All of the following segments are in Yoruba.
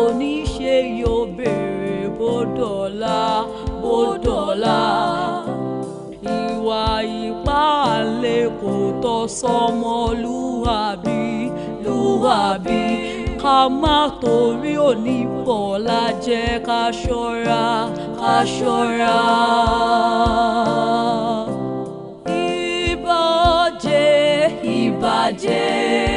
oníṣe yóò béèrè bó dọ̀la bó dọ̀la ìwà ipá àlè kò tọ́ sọmọ lúwàbí lúwàbí ká má torí òní bọ̀ ká ṣọ́ra ká ṣọ́ra. ìbàjẹ́ ìbàjẹ́.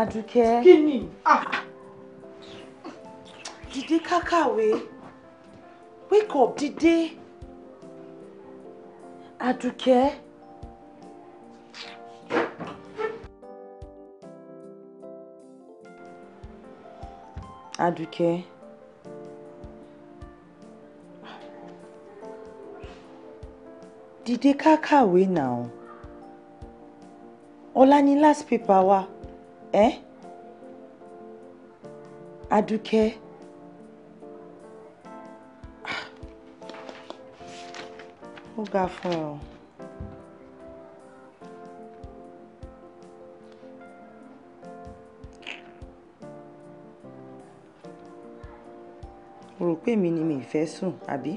Adúkẹ́. Kí ni? Ah. Dìde kákàwé. Wake up, dìde. Adúkẹ́. Adúkẹ́. dìde ká kàwé náà ọ̀la ni last paper wa ẹ́ eh? Adúkẹ́ ó ga fún ọ. o rò pé mi ni mi ì fẹ́ sùn àbí.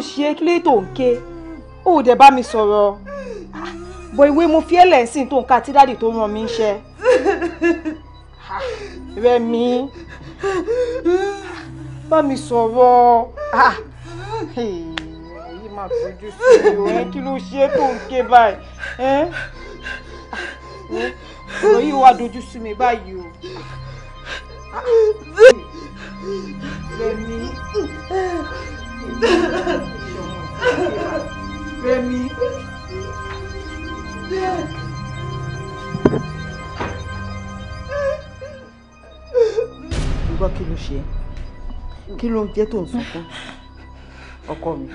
ṣe é kí ló tó ń ké ó dẹ̀ bá mi sọ̀rọ̀ bọ ìwé mo fi ẹlẹ́sìn tó ń ka tí dáàdì tó ràn mí ṣe Rẹ̀mí bá mi sọ̀rọ̀ yìí máa fojú sí o ẹ kí ló ṣe é tó ń ké báyìí ọ̀rọ̀ yìí wá dojú sú mi báyìí o. kí ló jẹ́ tó ń sunkún ọkọ mi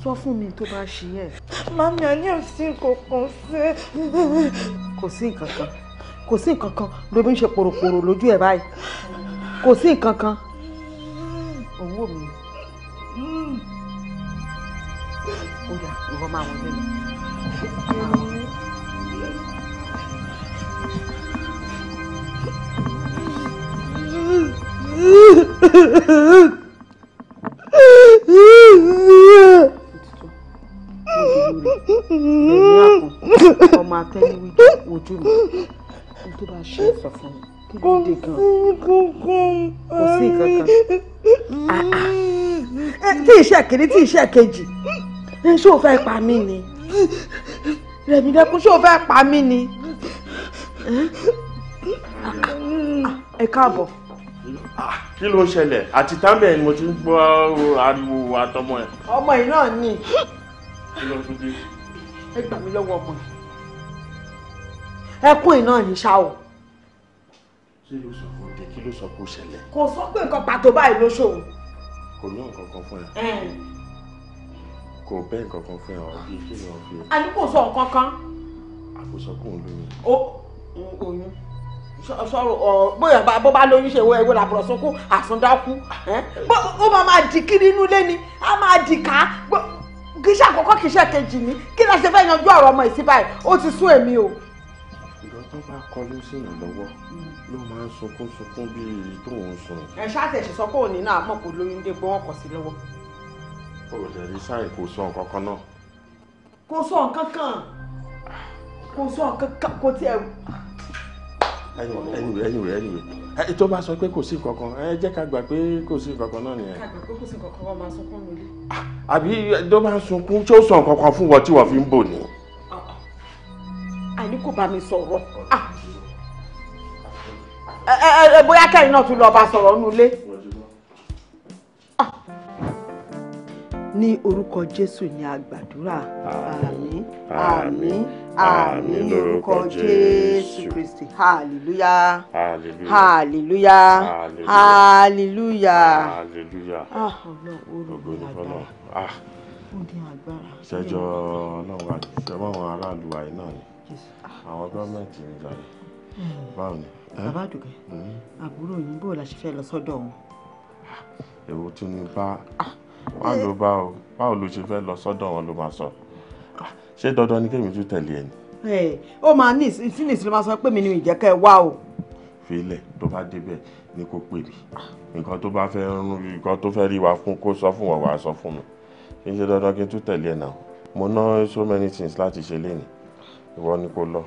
sọ fún mi tó bá ṣe yẹn. mami a ní òsì kankan sí. kò sí nǹkan kan kò sí nǹkan kan ló bí ń ṣe pòròpòrò lójú ẹ báyìí kò sí nǹkan òun wò mí ó yá ìwọ máa wọlé lọ. ọmọ tí iṣẹ́ kìíní tí iṣẹ́ kejì ṣé fẹ́ pa mí ni rẹ̀mí dẹ́kun ṣé fẹ́ pa mí ni ẹ káàbọ̀. Ah, kí ló ṣẹlẹ̀ àti tábẹ̀ ni mo ti ń gbọ́ ariwo àtọmọ ẹ̀. ọmọ yìí náà ni ẹ gbà mí lọ́wọ́ ọmọ yìí ẹkún iná ní ṣá o. kí ló sọ fún ọdẹ kí ló sọ kó ṣẹlẹ̀. kò sọ pé nǹkan pàtó báyìí ló ṣòwò. kò ní nǹkan kan fún ẹ. kò bẹ́ nǹkan kan fún ẹ ọ̀rọ̀ bíi kí ni wọ́n fi. àní kò sọ nǹkan kan. àkóso kò ń lóyún. ó oyún sọ̀rọ̀ bóyá bó bá lóyún ṣe wo ẹ̀wọ́ làbọ̀rọ̀ sunkún àsundákú ó máa máa di kiri inú ilé ni á máa di ká kì í ṣe àkọ́kọ́ kì í ṣe kejì ni kí la ṣe fẹ́ yanjú ọ̀rọ̀ ọmọ ìsìn báyìí ó ti sún èmi o. ìgbà tó bá kọ ló sì yàn lọ́wọ́ ló máa ń sunkún sunkún bíi tó ń sun. ẹ ṣáàtì ẹ̀ṣẹ̀ sọ pé òní náà mọ̀ kó lóyún dé gbọ́n ọkọ̀ sí lọ́wọ́. o lè rí sáì kò sọ nǹkan kan náà. kò sọ nǹkan kan kò sọ nǹkan kan kò tiẹ̀ anyway anyway anyway tó bá sọ pé kò sí kankan ẹ jẹ́ ká gbà pé kò sí kankan náà nìyẹn. ká gbà pé kò sí kankan wọn máa sunkún lórí. Ah, àbí tó bá ń sunkún tí ó sọ nǹkan kan fún wọn tí wọn fi ń bò ní. Ah, ah. àní kò bá mi sọ̀rọ̀ bóyá kẹ́rin náà tún lọ bá sọ̀rọ̀ nulẹ̀. ní orúkọ Jésù ni a gbàdúrà àmín àmín lórúkọ jésù kristi hallelujah hallelujah hallelujah hallelujah ah ògo ni fọlọ́ ah ìṣẹ́jọ́ náà wà ìṣẹ́jọ́ àwọn aráàlú àyè náà ni ah. àwọn gọ́ọ̀mẹ̀ntì ń jà hmm. báwo ni. bàbá àdùkẹ́ hmm. àbúrò yín bò la ṣe fẹ́ lọ sọ́dọ̀ wọn. Ah, èwo tún ni bá ah. wà eh. ló bá o báwo ló ṣe fẹ́ lọ sọ́dọ̀ wọn ló máa sọ ṣé dandan ni kémi tún tẹ̀lé ẹ ó máa ní ìsínì sí máa sọ pé mi ni ìjẹ́kẹ́ wá o. fílẹ̀ tó bá débẹ̀ ni kò pè mí nǹkan tó bá fẹ́ rún nǹkan tó fẹ́ rí wa fún kó sọ fún wa wàá sọ fún mi kí n ṣe dandan kí n tún tẹ̀lé ẹ náà mo ná so many things láti ṣe lénìí ìwọ ni kò lọ.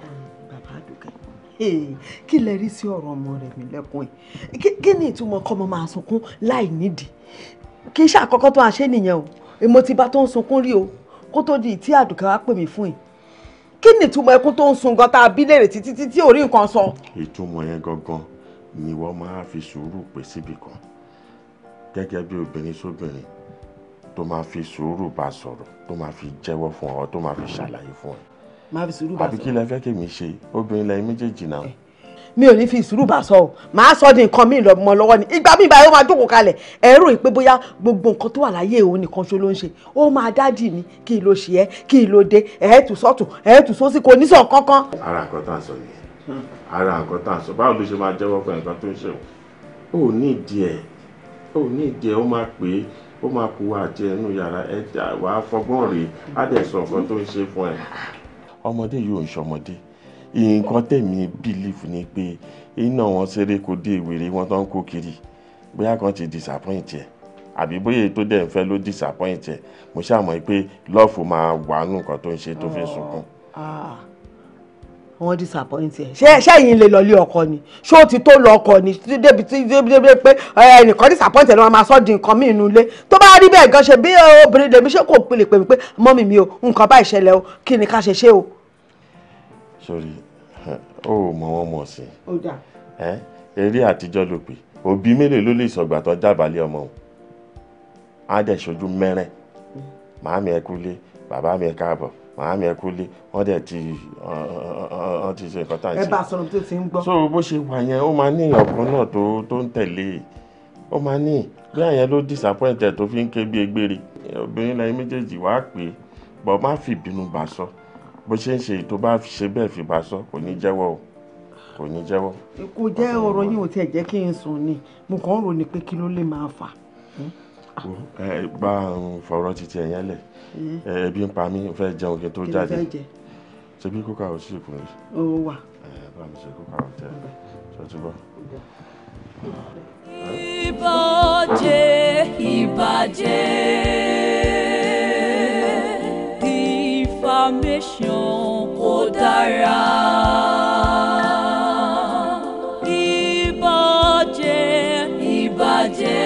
bàbá àdùkẹ́ kí lẹ rí sí ọ̀rọ̀ ọmọ rẹ̀ mi lẹ́kùn ẹ̀ kí ni ìtumọ̀ kọ́mọ máa sunkún láì nídìí kì í ṣe àkọ́kọ́ tó a nìyẹn o èmo ti bá tó ń sunkún rí o kó tó di ìtí àdùkẹ́ wa pè mí fún yìí kí ni ìtumọ̀ ẹkún tó ń sun gan tá a bí léèrè títí títí ò rí nǹkan sọ. ìtumọ̀ yẹn gangan ni wọ́n máa fi sùúrù pè síbì kan gẹ́gẹ́ bí obìnrin sóbìnrin tó máa fi sùúrù bá sọ̀rọ̀ tó máa fi jẹ́wọ́ fún ọ tó máa fi ṣàlàyé fún ọ. máa fi sùúrù bá sọ̀rọ̀ àbí kí lẹ fẹ́ kí mi ṣe obìnrin lẹ́yìn méjèèjì náà mi ò ní fi sùúrù bá sọ o màá sọ di nǹkan mi lọ́mọ lọ́wọ́ ni ìgbà mi báyìí ó máa jókòó kalẹ̀ ẹ̀rù ìpé bóyá gbogbo nǹkan tó wà láyé òun nìkan ṣo ló ń ṣe ó máa dádì mi kí ló ṣe ẹ́ kí ló dé ẹ̀ẹ́ tù sọ́tù ẹ̀ẹ́ sósì kò ní sọ kankan. ara nǹkan tá a sọ nìyẹn ara nǹkan tá a sọ báwo ló ṣe máa jẹ́wọ́ pé nǹkan tó ń ṣe ò ní ìdí ẹ̀ ò ní ìdí ẹ̀ ó máa pè é ó máa kú wa jẹ inú yàrá ẹ wàá fọgbọ́n rèé á dẹ̀ sọ nǹkan tó ń ṣe fún ẹ ọmọdé yìí ò ń ṣọmọdé nǹkan tèmi believe ni pé iná wọn ṣeré kò dé ìwèrè wọn tó ń kó kiri bóyá kan ti disappoint ẹ àbí bóyá tó dẹ̀ ń fẹ́ ló disappoint ẹ mo ṣàmọ̀ pé lọ́ọ̀fù máa wà nù nǹkan tó ń ṣe tó fi sunkún. Ah, wọ́n disappoint ẹ ṣé ṣẹ́yìn lè lọlé ọkọ ni ṣé ó ti tó lọ ọkọ ni débi tí débi pé ẹnìkan disappoint ẹ ni wọ́n máa sọ di nǹkan míì nulẹ̀ tó bá rí bẹ́ẹ̀ gan ṣe bí obìnrin lèmi ṣé kò pè mí pé mọ́mì mi o nǹkan bá ìṣẹ̀lẹ̀ o kí ni ká ṣe ṣe o sórí ó mọ wọn mọ̀ sí i eré àtijọ́ ló pè òbí mélòó ló lè sọ̀gbà tó jábàálẹ̀ ọmọ òun á dẹ̀ ṣojú mẹ́rẹ̀ màámi ẹ kúlé bàbá mi ẹ káàbọ̀ màámi ẹ kúlé wọ́n dẹ̀ ti wọ́n ti ṣe nǹkan tá à ń ṣe. ẹ bá a sọ̀rọ̀ tó ti ń gbọ́. so bó ṣe wà yẹn ó máa ní ọ̀kan náà tó tó ń tẹ̀lé e. ó máa ní bí àyẹn ló disappointed tó fi ń ké bí egbére obìnrin lẹ́yìn méjèèjì wàá pè é bọ̀ má fi ìbínú bá sọ. So bó ṣe ń ṣe tó bá ṣe bẹ́ẹ̀ fi bá sọ kò ní jẹ́wọ́ o kò ní jẹ́wọ́. kò jẹ́ ọ̀rọ̀ yìí ò tiẹ̀ jẹ́ kí n sùn ni mo kàn ń rò ní pé kí ló lè máa fà. ẹ bá ń fọ̀rọ̀ títí ẹ̀yán lẹ̀ ẹbí ń pa mí fẹ́ jẹun kí n tó jáde ṣe bí kókà ò sí ìkùnrin. ó wà. ẹ bá mi ṣe kókà ò tẹ ṣe tí bọ́. ìbàjẹ́. ambition kò dára. Ìbàjẹ́ ìbàjẹ́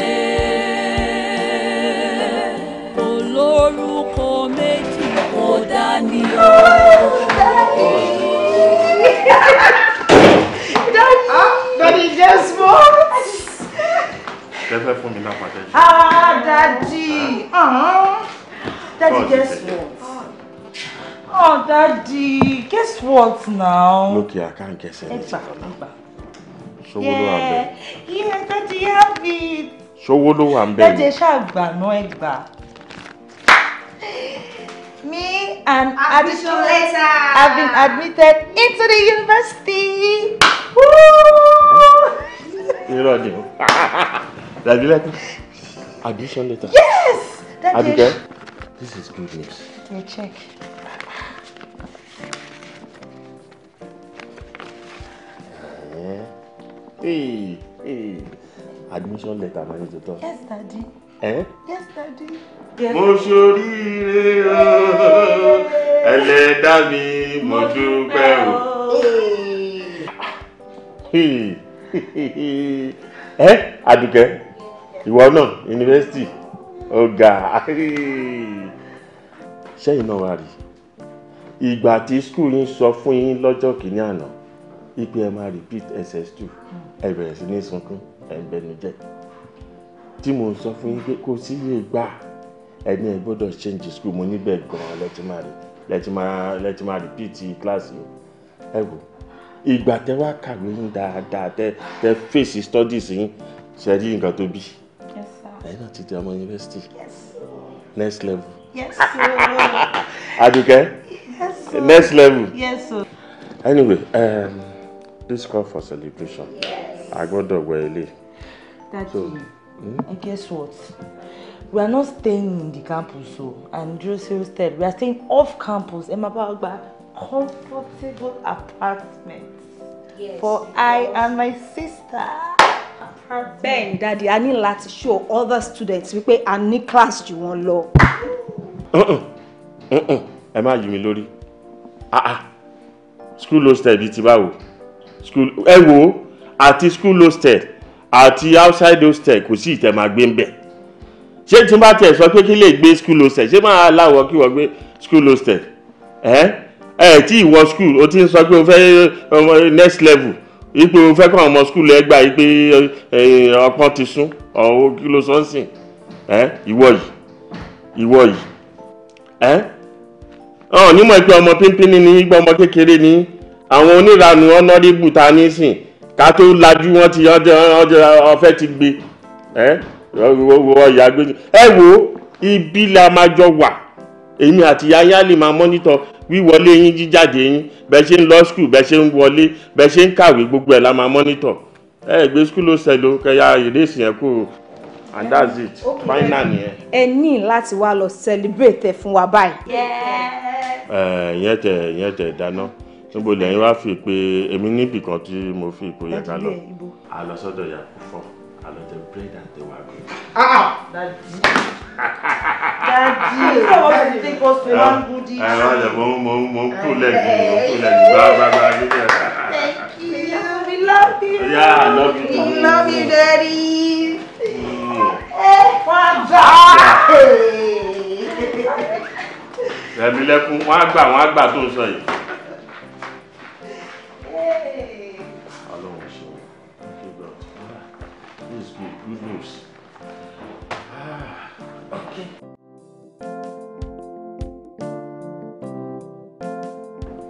kò lórúkọ méjì kò dání o. Daddy, yes, mom. Kẹfẹ́ fún mi lápá tẹ́jú. Ah, daddy. Ah. Uh-huh. Daddy, yes, mom. Oh, Daddy, guess what now? Look here, I can't guess anything Egba, for now. Egba. Ṣowó ló wà ń bẹ̀. Yeah, Daddy, have it. Ṣowó ló wà ń bẹ̀. Daddy, ṣàgbà náà Egba. Me and Abisola have been admitted into the university. Woo! Irọ́ ni o. Dàbí lẹ́kùn. Admission letter. Yes! Daddy. this is good news. Daddy, check. Hey, eh, eh, hey. Eh. Admission letter máa ní tuntun. Yes, daddy. Eh? Yes, daddy. Yes. Mo ṣoríire o, ẹlẹ́dá mi, mo dúpẹ́ o. Ẹ Adùkẹ́, ìwọ náà, yunifásitì, ọ̀gá, ṣẹ́yìn náà wà rí. Ìgbà tí skul yín sọ fún yín lọ́jọ́ kìíní àná ipe máa repeat ss2 ẹ bẹ̀rẹ̀ sí ní sunkún ẹ bẹnújẹ́ tí mo sọ fún yín pé kò sí iye gbà ẹni ẹ gbọ́dọ̀ change school mo níbẹ̀ gan-an lẹ́tí máa rí lẹ́tí máa lẹ́tí máa repeat kíláàsì ẹ wò ìgbà tẹ wá kàwé yín dáadáa tẹ tẹ fèsì studies yín ṣe rí nǹkan tó bí ẹ̀yin náà ti di ọmọ yunifásitì next level Adùkẹ́ next level anyway. Um, this call for celebration Yes. a gbọ́dọ̀ gbọ́ ilé. Daddy hmm? Eh, and guess what we are not staying in the campus o and Joseph said we are staying off campus emabagba comfortable apartment yes, for I and my sister. Ben, Daddy, I need ní to show other students We wípé a new class you want, Uh jù wọ́n lọ. ẹ má yí Ah lórí ah. school hostel bíi ti báwo school ẹ wo àti school hostel àti outside hostel kò sí ìtẹ̀ máa gbé ń bẹ̀ ṣé tí n bá tiẹ̀ sọ pé kí lè gbé school hostel ṣé máa láwọ̀ kí wọ́n gbé school hostel ẹ ẹ tí ìwọ school o ti ń sọ pé o fẹ́ ọmọ next level ipe o fẹ́ kọ́ ọmọ school ẹ gbà ipe ọpọ́n ti sún ọ̀hún kí ló sọ ń sìn ẹ ìwọ yìí ìwọ yìí ẹ ọ nímọ̀ pé ọmọ pínpín ni ní gbọ́ ọmọ kékeré ni. Eh? àwọn oníranù ọ̀nàdìbù ta ní sìn ká tó lajú wọn ti ọfẹ́ ti gbé ẹ ọ̀yà gbé ẹ wo ibi la máa jọ wà èmi àti yáyá lè máa mọ́nítọ̀ wíwọlé yín jíjáde yín bẹ́ẹ̀ ṣe ń lọ skul bẹ́ẹ̀ ṣe ń wọlé bẹ́ẹ̀ ṣe ń kàwé gbogbo ẹ̀ la máa mọ́nítọ̀ ẹ gbé skul ọ̀sẹ̀ ló kẹyà ìrèsì yẹn kúrò and that's it final nìyẹn. ẹ ní láti wá lọ celebrate ẹ fún wa báyìí. ẹ ìyẹn tẹ ìyẹn tẹ dáná níbo lẹ́yìn wá fi pé èmi níbì kan tí mo fi ìpò yẹ ká lọ sọ́dọ̀ ìyá púpọ̀ a jẹ bread and the wagon. Ah! Ah, ah, ẹ wọ́n ti mọ mọ mọ ń kú lẹ́gbẹ̀ẹ́ mọ ń kú lẹ́gbẹ̀ẹ́ bá bá bá níbẹ̀. thank you we love you. yeah i love you daddy. Mm. Eh, tó ń sọ yìí. Ọlọ́run ṣe wọ́n. Okay, ah, God. This is good. Good news. Ah, okay.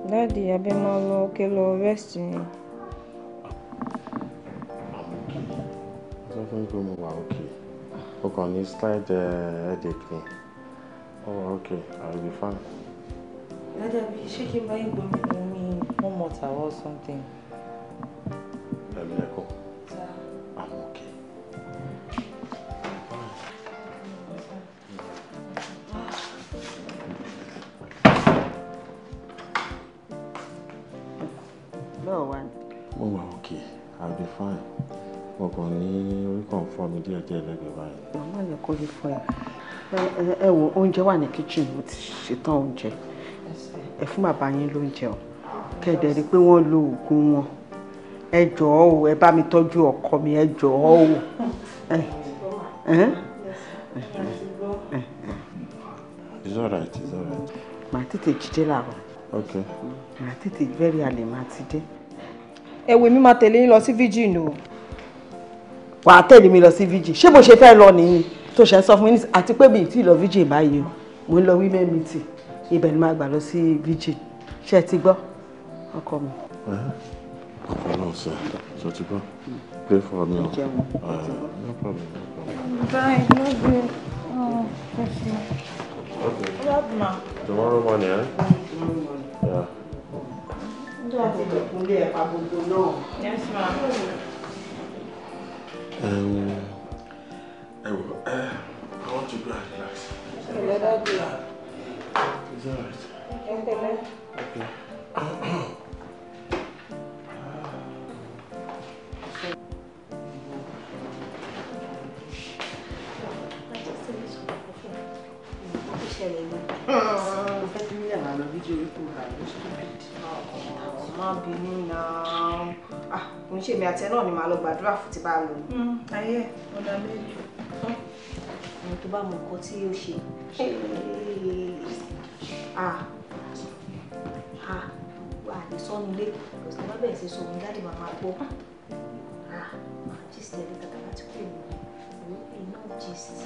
Dáàdì abẹ́ máa lọ òkè lọ rest ni. Sọ fún mi pé mo wà òkè. O kàn ní slide eh, headache ni. Oh, okay, I'll be fine. Dádàbí, ṣé kí n bá yín gbọ́n one more tower or something? Ẹ̀mí ẹ̀kọ́. I'm okay. No one. ní. Mo okay, I'll be fine. Mo kàn confirm orí kan fọ́ Let me díẹ̀ lẹ́gbẹ̀ẹ́ báyìí. Màmá yẹ kó rí eh. ẹ. Ẹ wo oúnjẹ wà ní kitchen, mo she ṣetán oúnjẹ ẹ fún bàbá yín lóúnjẹ o kẹ̀dẹ̀ rí pé wọ́n lo oògùn wọn ẹ jọ̀ọ́ o ẹ bá mi tọ́jú ọkọ mi ẹ jọ̀ọ́ o. it's alright it's alright. màá tètè jíjẹ́ làárọ̀. ok. màá tètè very early màá ti dé. ẹ̀wẹ̀ mi máa tẹ̀lé yín lọ sí virgin o. wàá tẹ̀lé mi lọ sí virgin ṣé bó ṣe fẹ́ lọ nìyí tó ṣe sọ fún mi àti pé mi ì tí ì lọ virgin báyìí o mo ń lọ women meeting ibẹ̀ ni máa gbà lọ sí vigil ṣe ti gbọ́ ọkọ mi. ọlọ́run sọ sọ ti gbọ́ pray for me. no problem. Oh, Tomorrow morning, eh? Yes, ma. Um, I, will, uh, I want to go and relax. It's all right. Okay. Okay. àti ẹ náà ni màá lọ gbàdúrà fún ti bá lò. ayé ọ̀dà méjì. ohun tó bá mọ nǹkan tí ó ṣe Ah. Ah. sọ́nu ilé kò sí lọ́bẹ̀ ṣe sọ òun jáde màmá gbọ́ ah. gist ẹ̀ níta tàbá tí kò mọ̀ òun iná gist.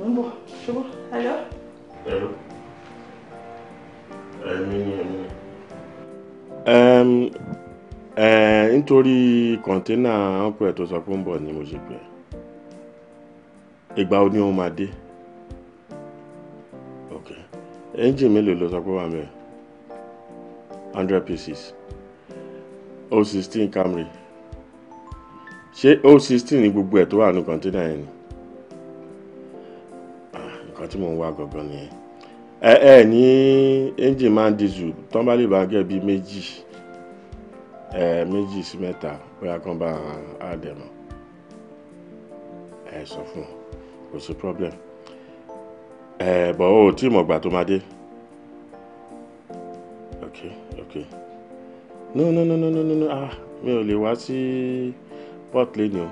mo ń bọ̀ ṣubú hello. hello. ẹ̀mí ni ẹ̀mí ni. nítorí kọ̀ńténà ọ̀pẹ̀ tó sọ pé ń bọ̀ ni mo ṣe pè ìgbà máa dé ok ẹ́ńjìn mélòó ló sọ pé wà hundred pieces ni gbogbo ẹ̀ tó wà ní kọ̀ńténà yẹn ni ah, nǹkan tí mò ń wá gangan nìyẹn ẹ ẹ ní ẹ́ńjìn máa ń méjì sí mẹ́ta bóyá kan bá àdẹ̀mọ̀ ẹ sọ fún wọn kò sí problem ẹ bọ̀ ó tí mọ̀ gbà tó máa dé ok ok no no no no no no no ah mi ò lè wá sí port lane o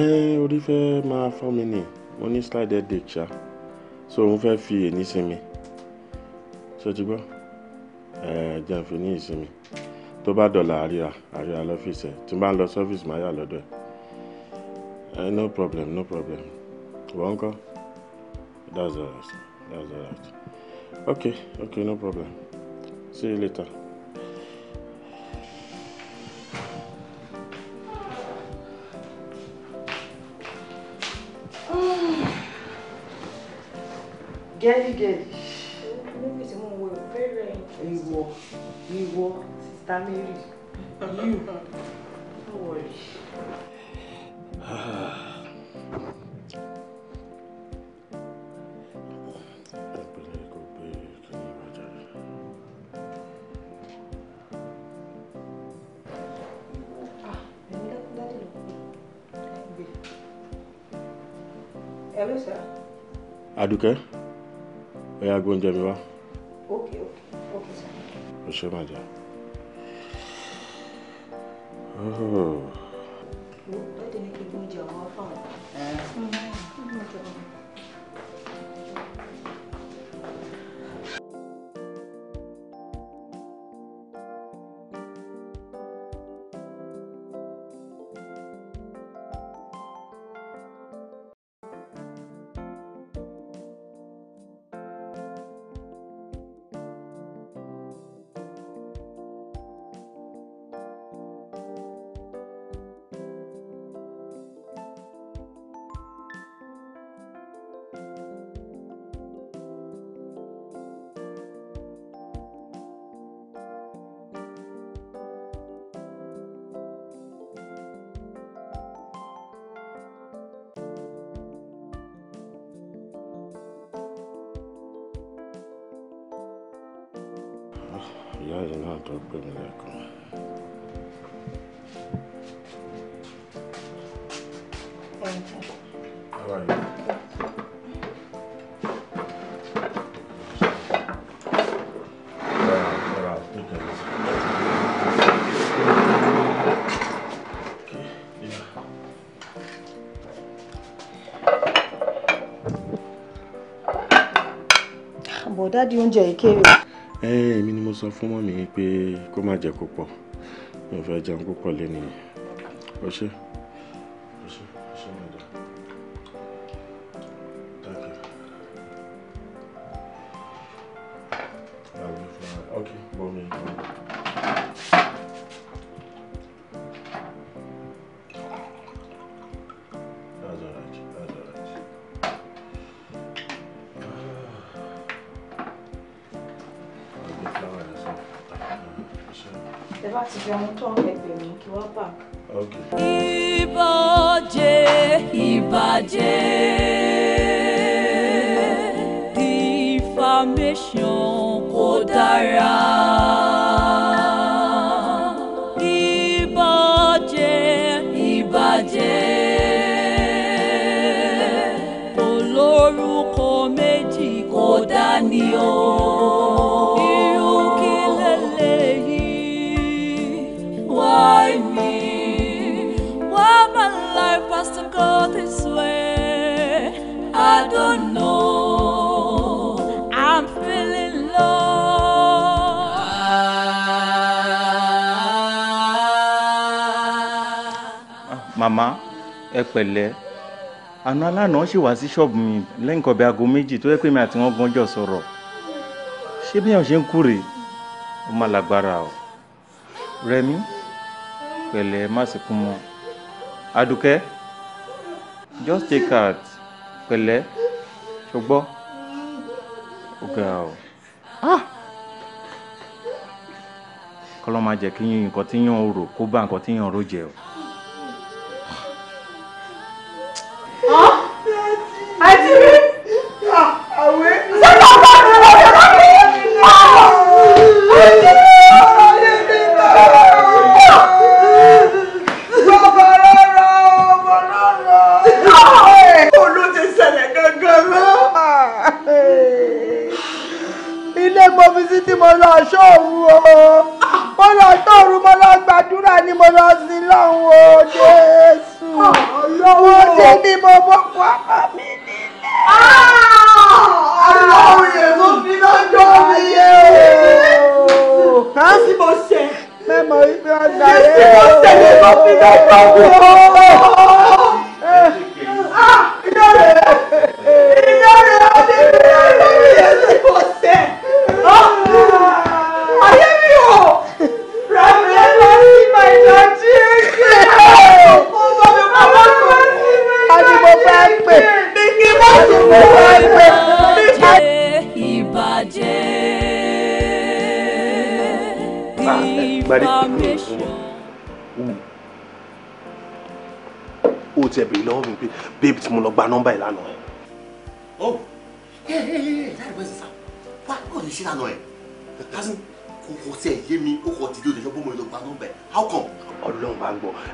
ẹ orí fẹ́ máa fọ́ mi nì mo ní slide deck ṣá so òun fẹ́ fi èní sinmi ṣe ti gbọ́ ẹ jẹun fi ní ìsinmi tó bá dọ̀là àríyá àríyá lọ́fíìsì ẹ̀ tí n bá ń lọ sọ́fíìsì máa yà lọ́dọ̀ ẹ̀ ẹ eh, no problem no problem wọ́n kọ́ that's alright that's alright okay okay no problem see you later. gẹ́lígẹ́lí. olórí tí mo wọ ìwọ ìwọ ìwọ. Damiri, you, don't worry. Hello, sir. Adúkẹ́, ẹ yá gbóúnjẹ mi wá. Okay, okay, okay, sir. Ó ṣe máa jẹun. Wo lọ́dẹ̀ ní kí n gbóúnjẹ ọmọ fún ọ. я знаю, как бы меня. bọ̀dá di oúnjẹ ìkéré Ẹ́n, èmi ni mo sọ fún mọ̀mí pé kó má jẹ kó pọ̀. Mi ò fẹ́ jẹun púpọ̀ lénìí. Ó ṣé. lánàá ṣì wá sí ṣọ́ọ̀bù mi lẹ́yìn kọ̀ọ̀bẹ aago méjì tó yẹ pé mi àti wọn gbọ́njọ sọ̀rọ̀ ṣé bí wọn ṣe ń kú rèé ó máa lágbára o Rẹ̀mí pẹ̀lẹ́ má sì kú mọ́ Adùkẹ́ just take out pẹ̀lẹ́ ṣùgbọ́ ó o ah! kọ́lọ́ máa jẹ́ kí yín nǹkan tí yín ò rò kó bá nǹkan tí yín ò rò jẹ́ o.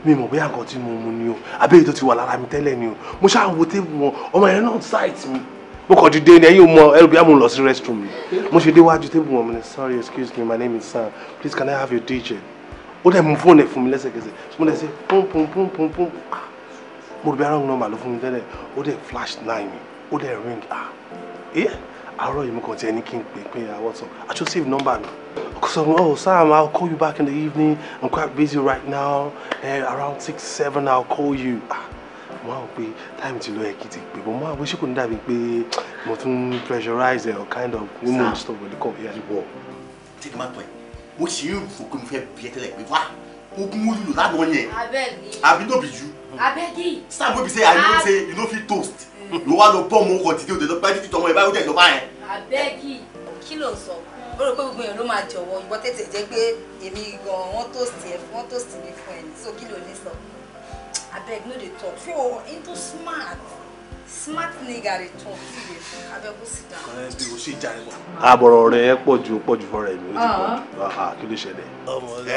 mi mọ̀ bóyá nǹkan tí mo mu ni o abẹ́yẹ tó ti wà lára mi tẹ́lẹ̀ ni o mo ṣáà wo tébù wọn ọmọ yẹn náà ṣáìtì mi mo kàn dìde ni ẹ̀yin mọ ẹrù bí àmú lọ sí restroom mi mo ṣe déwájú tébù wọn mo ní sorry excuse me my name is Sam please can I have your DJ ó dẹ̀ mú fóònù ẹ̀ fún mi lẹ́sẹ̀kẹsẹ̀ mo dẹ̀ ṣe pọ́npọ́npọ́npọ́n ah! mo rò bí ara ọ̀nà màlúù fún mi tẹ́lẹ̀ ó dẹ̀ flash nine ó dẹ̀ ring ah! àárọ̀ yìí mo kàn tiẹ̀ ní kí n pè pé ah what's up àti ó because I'm, oh, Sam, I'll call you back in the evening. I'm quite busy right now. Uh, around 6, 7, I'll call you. Ah, be time to lọ Èkìtì pé mo máa wí ṣé kò ní dàbí pé mo tún or kind of woman stuff when they come here. take my point mo you for rò pé mo fẹ́ bí ẹ tẹ́lẹ̀ you? wá ogun mo lò I yẹn àbí no be you. abegi. Stop wey be say i don't say you no fit toast. You want to bọ́ more ọkọ̀ títí òde lọ to títí tọmọ ẹ you ó dẹ̀ lọ abegi kí ló ó rò pé gbogbo èèyàn ló máa jọ̀wọ́ ìwọ tètè jẹ́ pé èmi gan wọ́n toast ẹ̀ wọ́n toast mi fún ẹ̀ so kí ló ní sọ abeg no dey talk so into smart smart nigga dey talk sí dey talk abeg go sit down. ọ̀rẹ́ bí o ṣe já ẹ mọ́. àbọ̀rọ̀ rẹ̀ pọ̀ ju pọ̀ ju fọ́ra ẹ̀mí o ti pọ̀ ju uh-huh. ah, ah, kí ló ṣẹlẹ̀.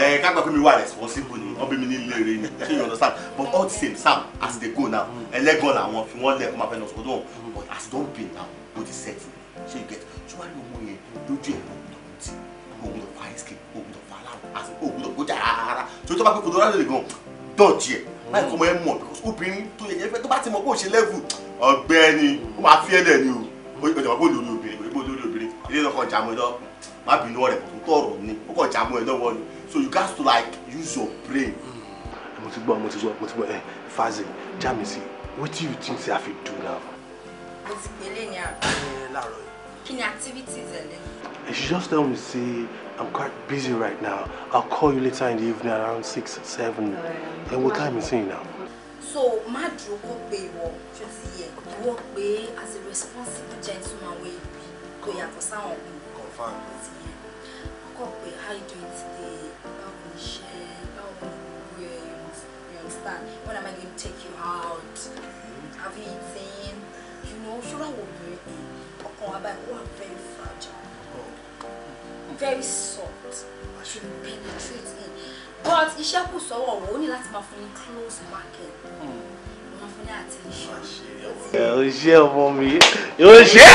ẹ kápẹ́ pé mi wà responsible ni wọ́n mi ní ilé ni ṣé you understand but all the same sam as they go now ẹlẹ́gàn làwọn fi wọ́n lẹ̀ kó máa fẹ́ lọ sọ́dọ̀ but as don be now go dey settle ṣé you get ṣé wàá ní ọmọ yẹn lójú tí o gbọ́dọ̀ fa ice cream o gbọ́dọ̀ fa aláwọ̀ àti o gbọ́dọ̀ kó jà rárá tó tó bá pé kò tó rárá lè gan dọ̀jì ẹ̀ láì kọ́ ọmọ because obìnrin tó yẹ yẹn fẹ́ tó ti mọ̀ bó ṣe level ọ̀gbẹ́ni ó máa fi ẹ̀lẹ̀ ni o ọjà máa bó lórí obìnrin òyìnbó lórí obìnrin ilé lọkọ̀ jàmọ́ ẹ lọ́kùn má bínú ọ̀rẹ́ kò tó ọ̀rọ̀ ni ó kọ̀ jàmọ́ ẹ lọ́wọ́ ni so you gats to like use your brain. Mm. mo ti gbọ́ mo ti gbọ́ mo ti gbọ́ ẹ eh, Fazil Jamisi wetin you think say i fit do now. mo ti pèlè ní àná. ẹ eh, láàárọ̀ yìí. activities ẹ You should just tell me, see, I'm quite busy right now. I'll call you later in the evening around 6, 7. Right. And what time is it now? So, má dúró kó pé ìwọ tí ó as a responsible gentleman wey you be tó confirm. sáwọn ọkùnrin. confam. you doing today How are you? báwo ni gbogbo ẹ̀ you understand when am I going to take you out hmm. have you eaten you know should I obìnrin ọkàn wa very very soft she penetrate in but iṣẹ́ kù sọ́wọ́ we only ní láti máa fún close market hmm. máa fún ní attention. o ṣe ọmọ mi o ṣe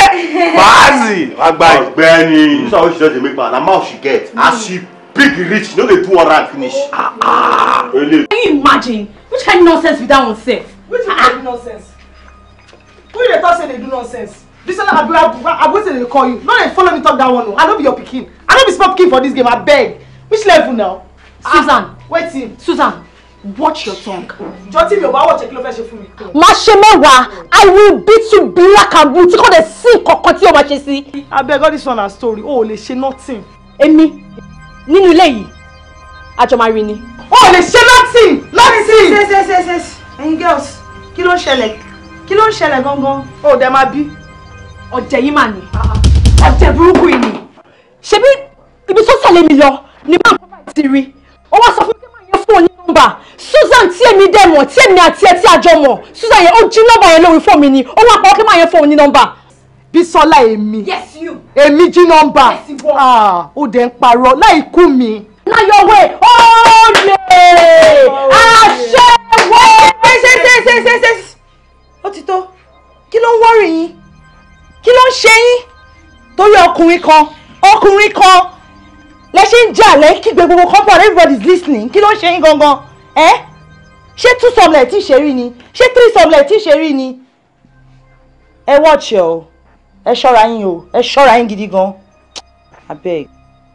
paasi agba yìí. ọ̀gbẹ́ni nígbà she just make man na mouth she get hmm. as she big reach no dey do one round finish. Oh. Ah, ah. can you imagine which kind of nonsense be that one sef. which kind of nonsense who you dey talk say dey do nonsense bisola abu abu abu say dey call you no dey follow me talk that one o oh. i no be your pikin i don't be small pikin for this game I beg. which level now. susan wetin. susan watch your tongue. jọtí mi ò bá wọ̀ jẹ́ kí ló fẹ́ ṣe fún mi. má ṣe mẹ́wàá i will beat you black and blue tí kò dé sí kankan tí o máa ṣe sí. abeg all this one na story o ò lè ṣe nothing. èmi nínú ilé yìí àjọ máa rí ni. o ò lè ṣe nothing nothing. ṣe ṣe ṣe ṣe ẹyin girls kí ló ń ṣẹlẹ̀ kí ló ń ṣẹlẹ̀ gangan. o ò dẹ̀ máa bí. ọ̀jẹ̀ yìí mà ní ọ̀jẹ̀ burúkú yìí ṣebí ibi tó tẹ̀lé mi lọ ni máa ń ti rí ó wá sọ fún mi pé máa yẹ fún òní nọ́mbà Susan tí èmi dẹ̀ mọ̀ tí èmi àti ẹ̀ tí a jọ mọ̀ Susan yẹn ó jí nọ́mbà yẹn lórí fún mi ni ó wá pa ó kí máa yẹ fún òní nọ́mbà. Bísọ́lá èmi èmi jí nọ́mbà ah, ó dẹ̀ ń parọ́ láì kú mi. láyọ̀ wẹ̀ ó àṣẹwọ́ ó ti tó kí ló ń wọ́rì yín kí ló ń ṣe yín torí ọkùnrin kan ọkùnrin kan lẹ ṣe ń jà lẹ kígbe gbogbo compound everybody is listening kí ló ń ṣe yín gangan ẹ ṣé two sublet tí ṣe rí ni ṣé three sublet tí ṣe rí ni ẹ watch o ẹ ṣọ́ra yín o ẹ ṣọ́ra yín gidi gan abeg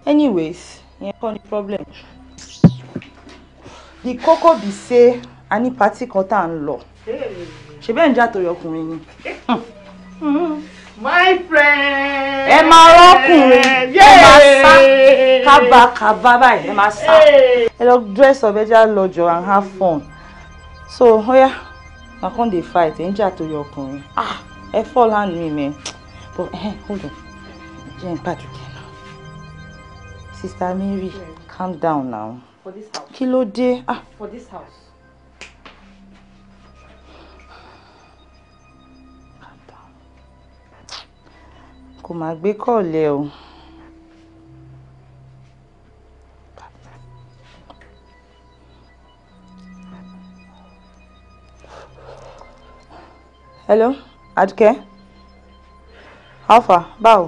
anyways yẹn kọ́ ni problem the koko be say a ní pati kan tá à ń lọ ṣe bẹ́ẹ̀ ń jà torí ọkùnrin ni. my friend. ẹ máa rọ́kùnrin ẹ máa sá kábàkábà báyìí ẹ máa sá ẹ lọ dress up ẹ já lọ́jọ́ and have fun so oya na come dey fight ẹ ń jà torí ọkùnrin ah ẹ fall hand me man but eh, hold on jẹ́ n pàdé kẹ́ náà sister Mary calm down now kí ló dé ah. for this house. kò má gbé kọ̀ọ̀lẹ́ o. hello Adùkẹ́ how far báwo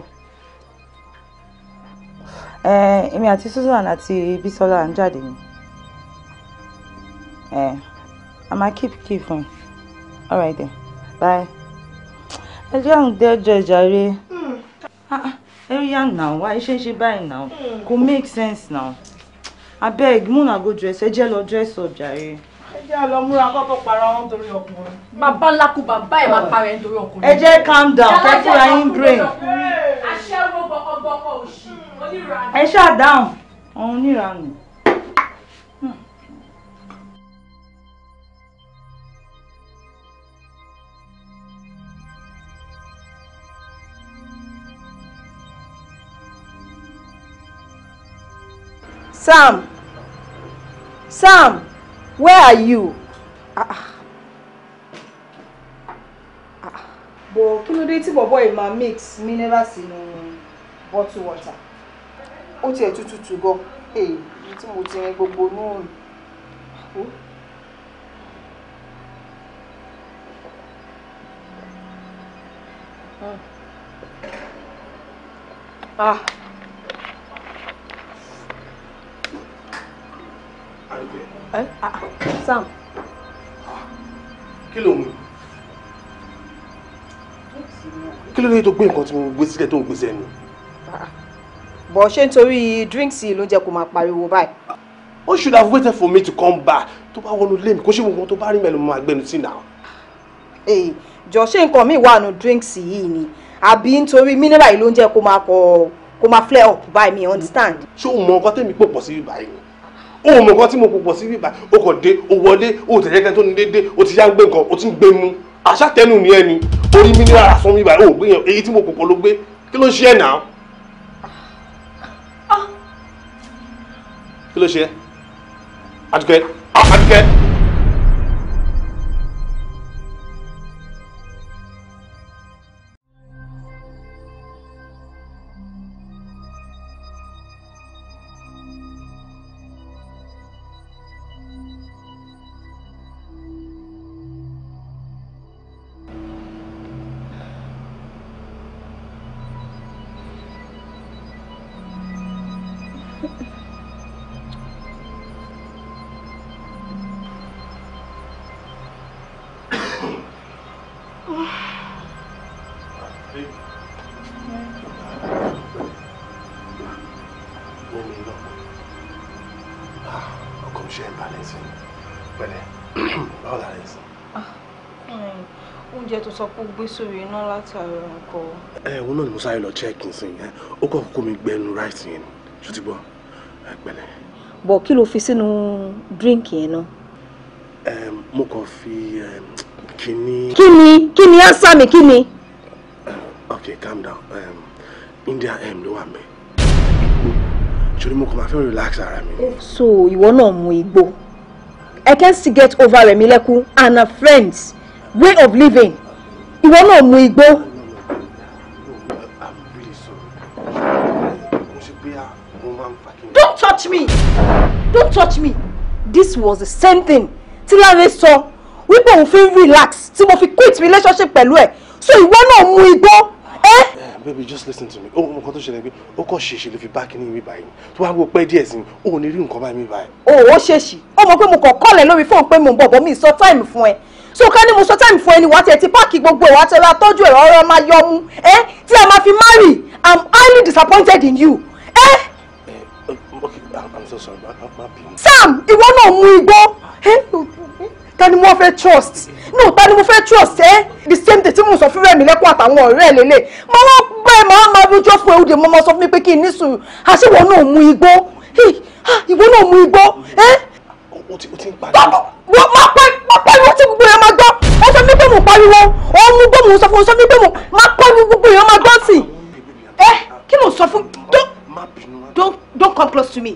èmi àti Susan àti Bísọ́lá ń jáde ni a máa keep key fún ẹ alright then bye ẹ jẹ́ àwọn dẹ́jọ́ ìjà rẹ ẹ yà náà wá ẹ ṣe ń ṣe báyìí náà hmm. kò make sense náà abeg muna go dress ẹ jẹ́ dress up jàre. ẹ jẹ́ lọ múra kọ́kọ́ para wọn okun. ọkùnrin. bàbá lákú bàbá ẹ̀ máa para ẹ̀ nítorí ọkùnrin. ẹ calm down Careful, fúnra yín brain. aṣẹ́wó bọkọ̀bọkọ̀ òṣì hmm. onírànú. ẹ ṣáà dáhùn òun níranù. Sam Sam where are you? Ah, ah. ah, bò kí ló dé tí bọ̀bọ̀ yìí máa mix mineral sínú bottle water ó tiẹ̀ tutù tù gan èyí tí mo ti rin gbogbo náà rù. Ah. sam. kí ló ń kí ló dé tó gbé nǹkan tí mo gbé sílẹ̀ tó ń gbé sẹ́nu. bọ̀ ṣé nítorí drinks ló jẹ́ máa pariwo báyìí. ó should have waited for me to come back tó bá wọnú lé mi kó ṣe gbogbo tó bá rí mẹ́lòmọ́ àgbẹ̀nu sí náà. ee jọ ṣé nǹkan mi wà nù drinks yìí ni àbí nítorí mineral ló ń jẹ́ máa kọ kó máa flare up báyìí mi understand. ṣé o mọ nǹkan tẹ́mi pò pọ̀ sí báyìí o mọ̀ nǹkan tí mo pòpọ̀ sí bíbá o kò dé o wọlé o tẹ̀lé kẹ́ni tó ní déédéé o ti yá ń gbé nǹkan o ti ń gbé mu aṣátẹnu ni ẹni orí mi ní ara sún mi báyìí o gbé yẹn èyí tí mo pòpọ̀ ló gbé kí ló ń ṣe ẹ̀ náà ah. kí ló ṣe ẹ̀ Àdùkẹ́ ah, Àdùkẹ́. gbé sórí iná látàrí nǹkan. ẹ òun náà ni mo sáré lọ check in sin yẹn ó kàn kó mi gbẹnu rice yẹn ṣó ti gbọ́ ẹ pẹ̀lẹ́. bọ̀ kí ló fi sínú drink yẹn náà. ẹ mo kàn fi kíní. kíni kíni ásá mi kíni. ok calm down um, india m ló wà mẹ́ torí mo kàn máa fẹ́ relax ara mi. so ìwọ náà mu igbó. I can still get over Remilekun and her friends way of living ìwọ náà mu igbó. don't touch me don't touch me this was the same thing tí Láre sọ wípé òun fi ń relax tí mo fi quit relationship pẹ̀lú ẹ̀ so ìwọ náà mu igbó. Eh? baby just listen to me ohun nǹkan tó ṣẹlẹ̀ bí ó kàn ṣèṣe ló fi bá kíní mi báyìí tó wá wọ pẹ́ díẹ̀ sí i òun ní rí nǹkan báyìí mi báyìí. o oh, ò ṣèṣì ó mọ pé mo kàn kọ́lẹ̀ lórí fóun pé mo ń bọ̀ bọ́ mi sọ táìmù fún ẹ so ká ní mo sọ táìmù fún ẹni wá tẹ̀ ti páàkì gbogbo ìwà tẹ̀ ra tọ́jú ẹ̀rọ ọ̀rọ̀ máa yọ ọmú ẹ tí a máa fi marry i'm highly disappointed in you. Eh? Uh, okay, I'm so sorry, Sam ìwọ náà mú igbó ta ni mo fe trust no ta ni mo fe trust Eh, the same thing tí mo sọ fún rẹ̀ mi lẹ́kùn àtàwọn ọ̀rẹ́ ẹ̀ lélẹ̀ mo wọ́n pẹ́ mo wọ́n máa rújọ́ fún ewúde mo máa sọ fún mi pé kí n ní sùn àṣìwọ̀ náà mú igbó ìwọ náà mú igbó. o ti ń pariwo. wọ́n máa pẹ́ wọ́n pẹ́ wọ́n pariwo òun mú gbóhùn sọ fún un sọ fún pé mo gbogbo èèyàn máa gbọ́ sí i eh, ẹ kí ló sọ fún don don come close to me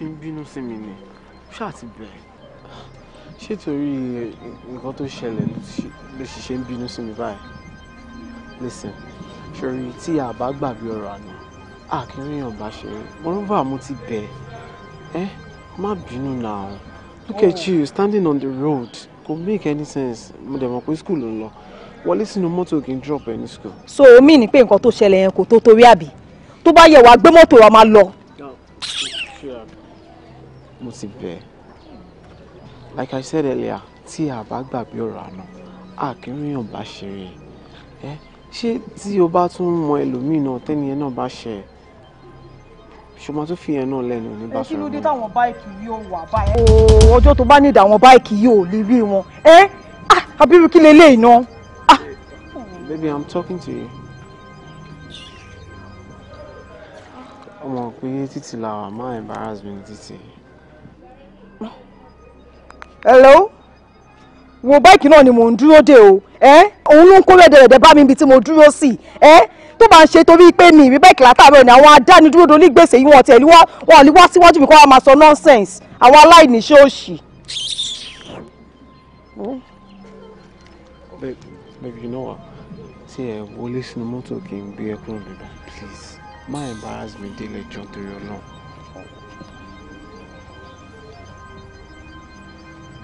ṣe ń bínú sí mi ni ṣáà ti bẹ̀rẹ̀ ṣé torí nǹkan tó ṣẹlẹ̀ ló sì ṣe ń bínú sí mi báyìí listen ṣòrí tí a bá gbàgbé ọ̀rọ̀ àná àkínríyàn bá ṣe rí moreover mo ti bẹ̀ ẹ́ má bínú náà look at you standing on the road kò make any sense mo dẹ̀ mọ̀ pé school ló ń lọ wọlé sínú mọ́tò kì í drop ẹ ní school. so omi ni pé nǹkan tó ṣẹlẹ̀ yẹn kò tó torí àbí tó bá yẹ wàá gbé mọ́tò wa máa lọ mo ti bẹ̀ ẹ́ like i said earlier tí a bá gbàgbé ọ̀rọ̀ àná a kì í ríyàn bá ṣeré ẹ ṣé tí o bá tún mọ ẹlòmíì náà tẹ́ni ẹ náà bá ṣe ẹ ṣùgbọ́n tó fi yẹn náà lẹ́nu ní bá sọ̀rọ̀ kí ló dé táwọn báìkì yìí ò wà báyìí. ooo ọjọ́ tó bá ní ìdáwọn báìkì yìí ò lè rí wọn ẹ ah, abiru kí lè lè iná. Ah. baby i'm talking to you. ọmọ pé títí làwọn máa embarrass me ní títí hello wo báìkì náà ni mò ń dúró dè o ẹ òun ló ń kó rẹ̀dẹ̀rẹ̀dẹ̀ bá mi ibi tí mo dúró sí ẹ tó bá ń ṣe torí pé mi ìrí báìkì látàárọ̀ ni àwọn adánidúró dolí gbèsè yìí wọn tẹ̀lé wọn ò lè wá síwájú mi kó wá máa sọ nonsense àwọn aláìní ṣóòṣì. baby, you know what See, ẹ wọlé sínú mọ́tò kí n gbé ẹkún rẹ̀ please má embarrass me délẹ̀ jọ́ torí ọlọ́run.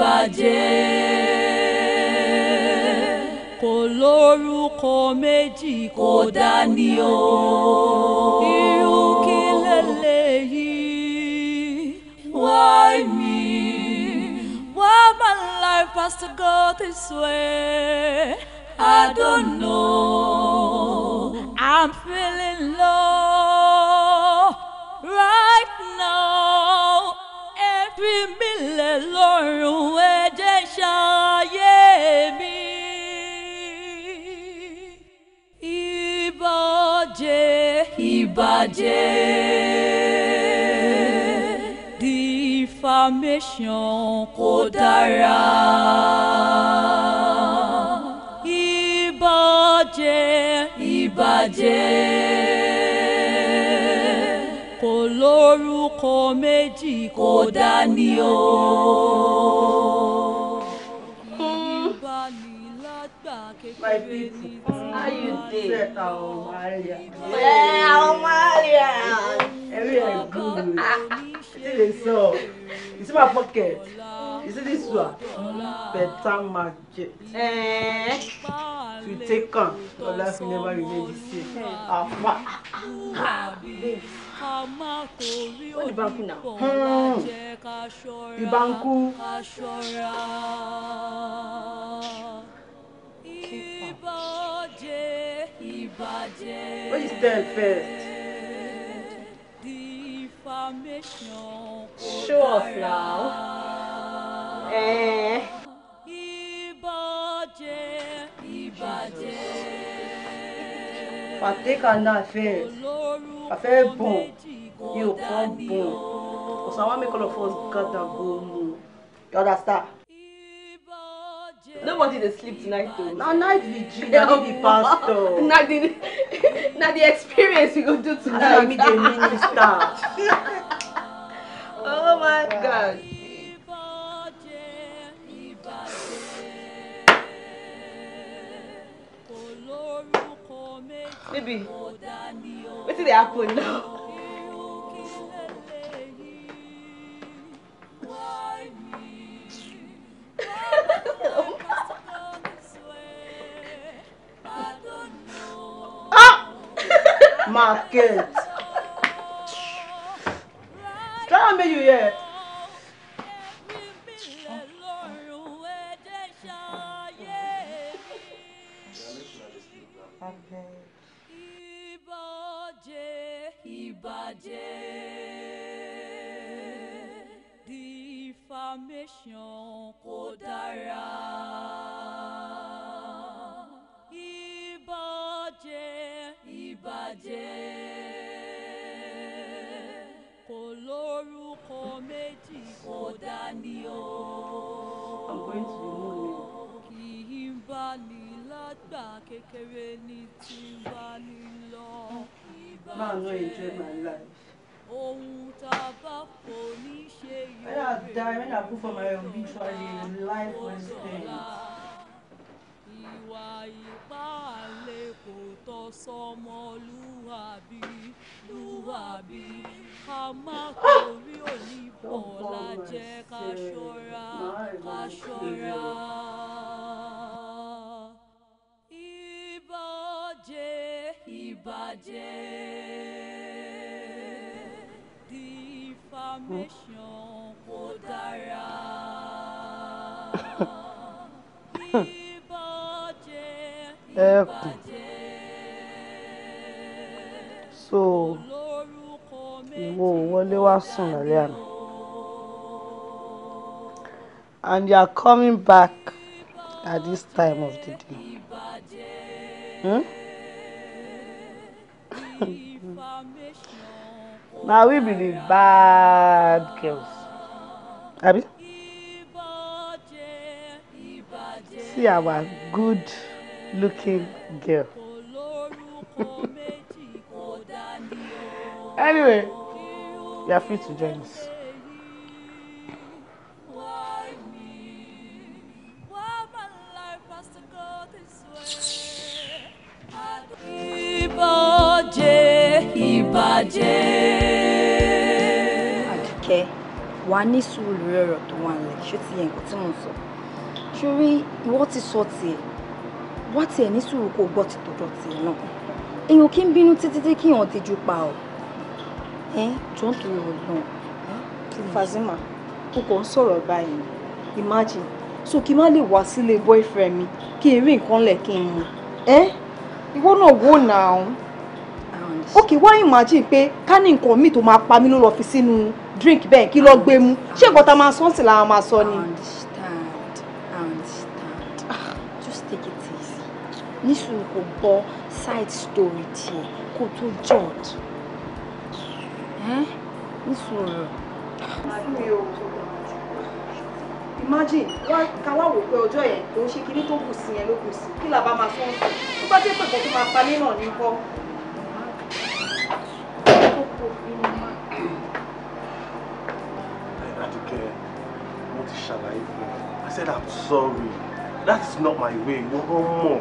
bàjẹ́. kò lórúkọ méjì kò dání o. irú kí lélẹ́yìí why me. why my life has to go this way. I don't know. I'm feeling low. Right fi mí lẹ̀ lọ́rùn ẹ jẹ́ ṣayé mi. Ìbàjẹ́ ìbàjẹ́ defamation kò dára. Ìbàjẹ́ ìbàjẹ́ olórúkọ méjì kò dání o. My people, how you dey? Oh, Maria. Yeah, oh, Maria. Everywhere good. See this one? You see my pocket. You see this one. Better market. Eh. To take on, your life never remain the same. Ah, ah, ah, ah ká má torí onípò ńlá jẹ́ ká What is that first? Defamation. Show us now. Eh. pàtẹ́kà náà fẹ́ àfẹ́ bọ̀n Bon, ò kọ́ bọ̀n ọ̀sán wa make all of us gather go mu you understand. Nobody dey sleep tonight o. Na night vigil na be the pastor. Na the na the experience we go do tonight. Na dey minister. Oh my God. Baby, what did happen now? market. Try and make you hear. Okay. bàjẹ́ defamation kò dára ìbàjẹ́ ìbàjẹ́ kò lórúkọ méjì kò dání o kì í bá ní lágbà kékeré ní tí ń bá ní lọ máa ná enjoy my life. Ohun tá a bá kò ní ṣe yóò rè. When I die, when I go for my obituary, life will spend. Ìwà ipá àlè kò tọ́ sọmọ lúwàbí lúwàbí ká má torí òní bọ̀ọ̀la jẹ́ ká ṣọ́ra ká ṣọ́ra. Ìbàjẹ́ bàjẹ́ defamation kò dára ìbàjẹ́ ìbàjẹ́ so ìwọ wọlé wá sùn lálẹ́ àná and you are coming back at this time of the day. Hmm? Now we be the bad girls abi see our good looking girl anyway you are free to join us. wà á ní sùúrù lórí ọ̀rọ̀ tó wà nílẹ̀ ṣé ti yẹ nǹkan tí mò ń sọ ṣórí ìwọ ti sọ tiẹ̀ wá tiẹ̀ ní sùúrù kó gbọ́ ti tọ̀dọ̀ tiẹ̀ náà èèyàn kí ń bínú títí tí kí hàn tijú pa ọ́ ẹ jọ̀ọ́ tó yọ ọ̀gbọ́n. Fazima o kò ń sọ̀rọ̀ báyìí imagine so kí n má lè wá sílé boyfriend mi kí n rí nǹkan lẹ̀ kí n mu ẹ ìwọ náà wò náà ó kì í wá imagine pé ká ní nǹkan míì tó máa pa mí ló lọ fi sínú drink bẹ́ẹ̀ kí ló gbé mu ṣé nǹkan tá a máa sọ́ọ̀sì làwọn máa sọ ni. understand understand ah. just take it easy nísìnyí kò bọ side story tiẹ̀ kó tó judge nísìnyí. imagine wá káwá wò pé ọjọ́ yẹn tó ń ṣe kinní tó kù sí yẹn ló kù sí kí làbá máa sọ́ọ̀sì tó bá jẹ́ pẹ̀lú tó máa pa nínà ní kọ́. I said I'm sorry that is not my way wọ́n mọ̀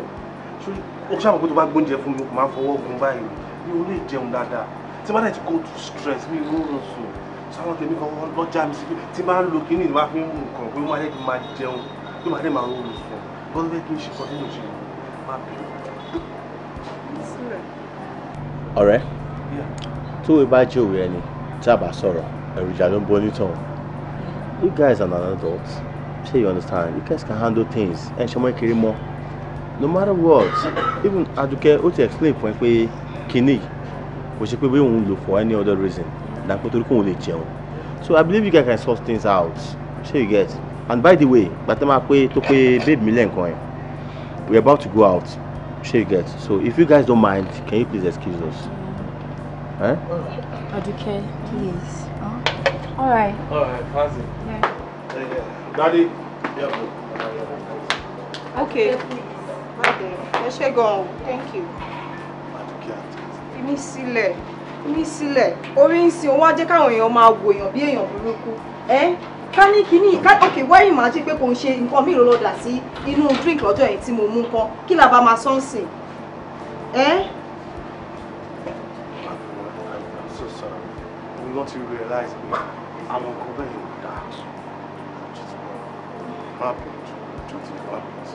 ó ṣàmùkú tó bá gbóúnjẹ fún mi kò máa fọwọ́ gun báyìí mi ò lè jẹun dáadáa tí bá dẹ̀ ti go to stress me. ò rún sùn sáwọn tèmi kan wọ́n lọ́jà mi sí pé tí máa ń lo kíní We máa fi ń mú nǹkan pé To máa jẹ́ kí n máa jẹun pé màá dẹ̀ máa ọ̀rẹ́ tó o bá jẹ́ òwe ẹni tí a bá sọ̀rọ̀ èròjà ló ń bọ́ onítàn you guys are not adults. Say you understand? You guys can handle things. Ẹ ṣe ọmọ kékeré mọ́. No matter what, even Aduke ó ti explain for ẹ pé kinní kò ṣe pé bí òun lò for any other reason na pé torí kò òun lè jẹun. So I believe you guys can sort things out. Ṣé you get? And by the way, gbàtẹ́ máa pé tó pé babe mi lẹ́ǹkan ẹ̀. We are about to go out. Ṣé you get? So if you guys don't mind, can you please excuse us? Eh? Aduke, please. Huh? All right. All right, pass it. Yeah. Daddy. Yep. Okay. Okay. Ẹ ṣé gan-an. Thank you. Fi mí sílẹ̀. Fi mí sílẹ̀. Orí ń sin owó ajé káwọn èèyàn máa wo èèyàn bí èèyàn burúkú. Ẹ́ ká ní kíní ká okay Why you máa jí pé kò ń ṣe nǹkan míì ló dà sí inú drink lọ́jọ́ yẹn tí mo mú nǹkan kí la bá máa sọ́n sìn. I'm so sorry. I'm not to realize pé àwọn kan bẹ́ẹ̀ happened. Truth happens.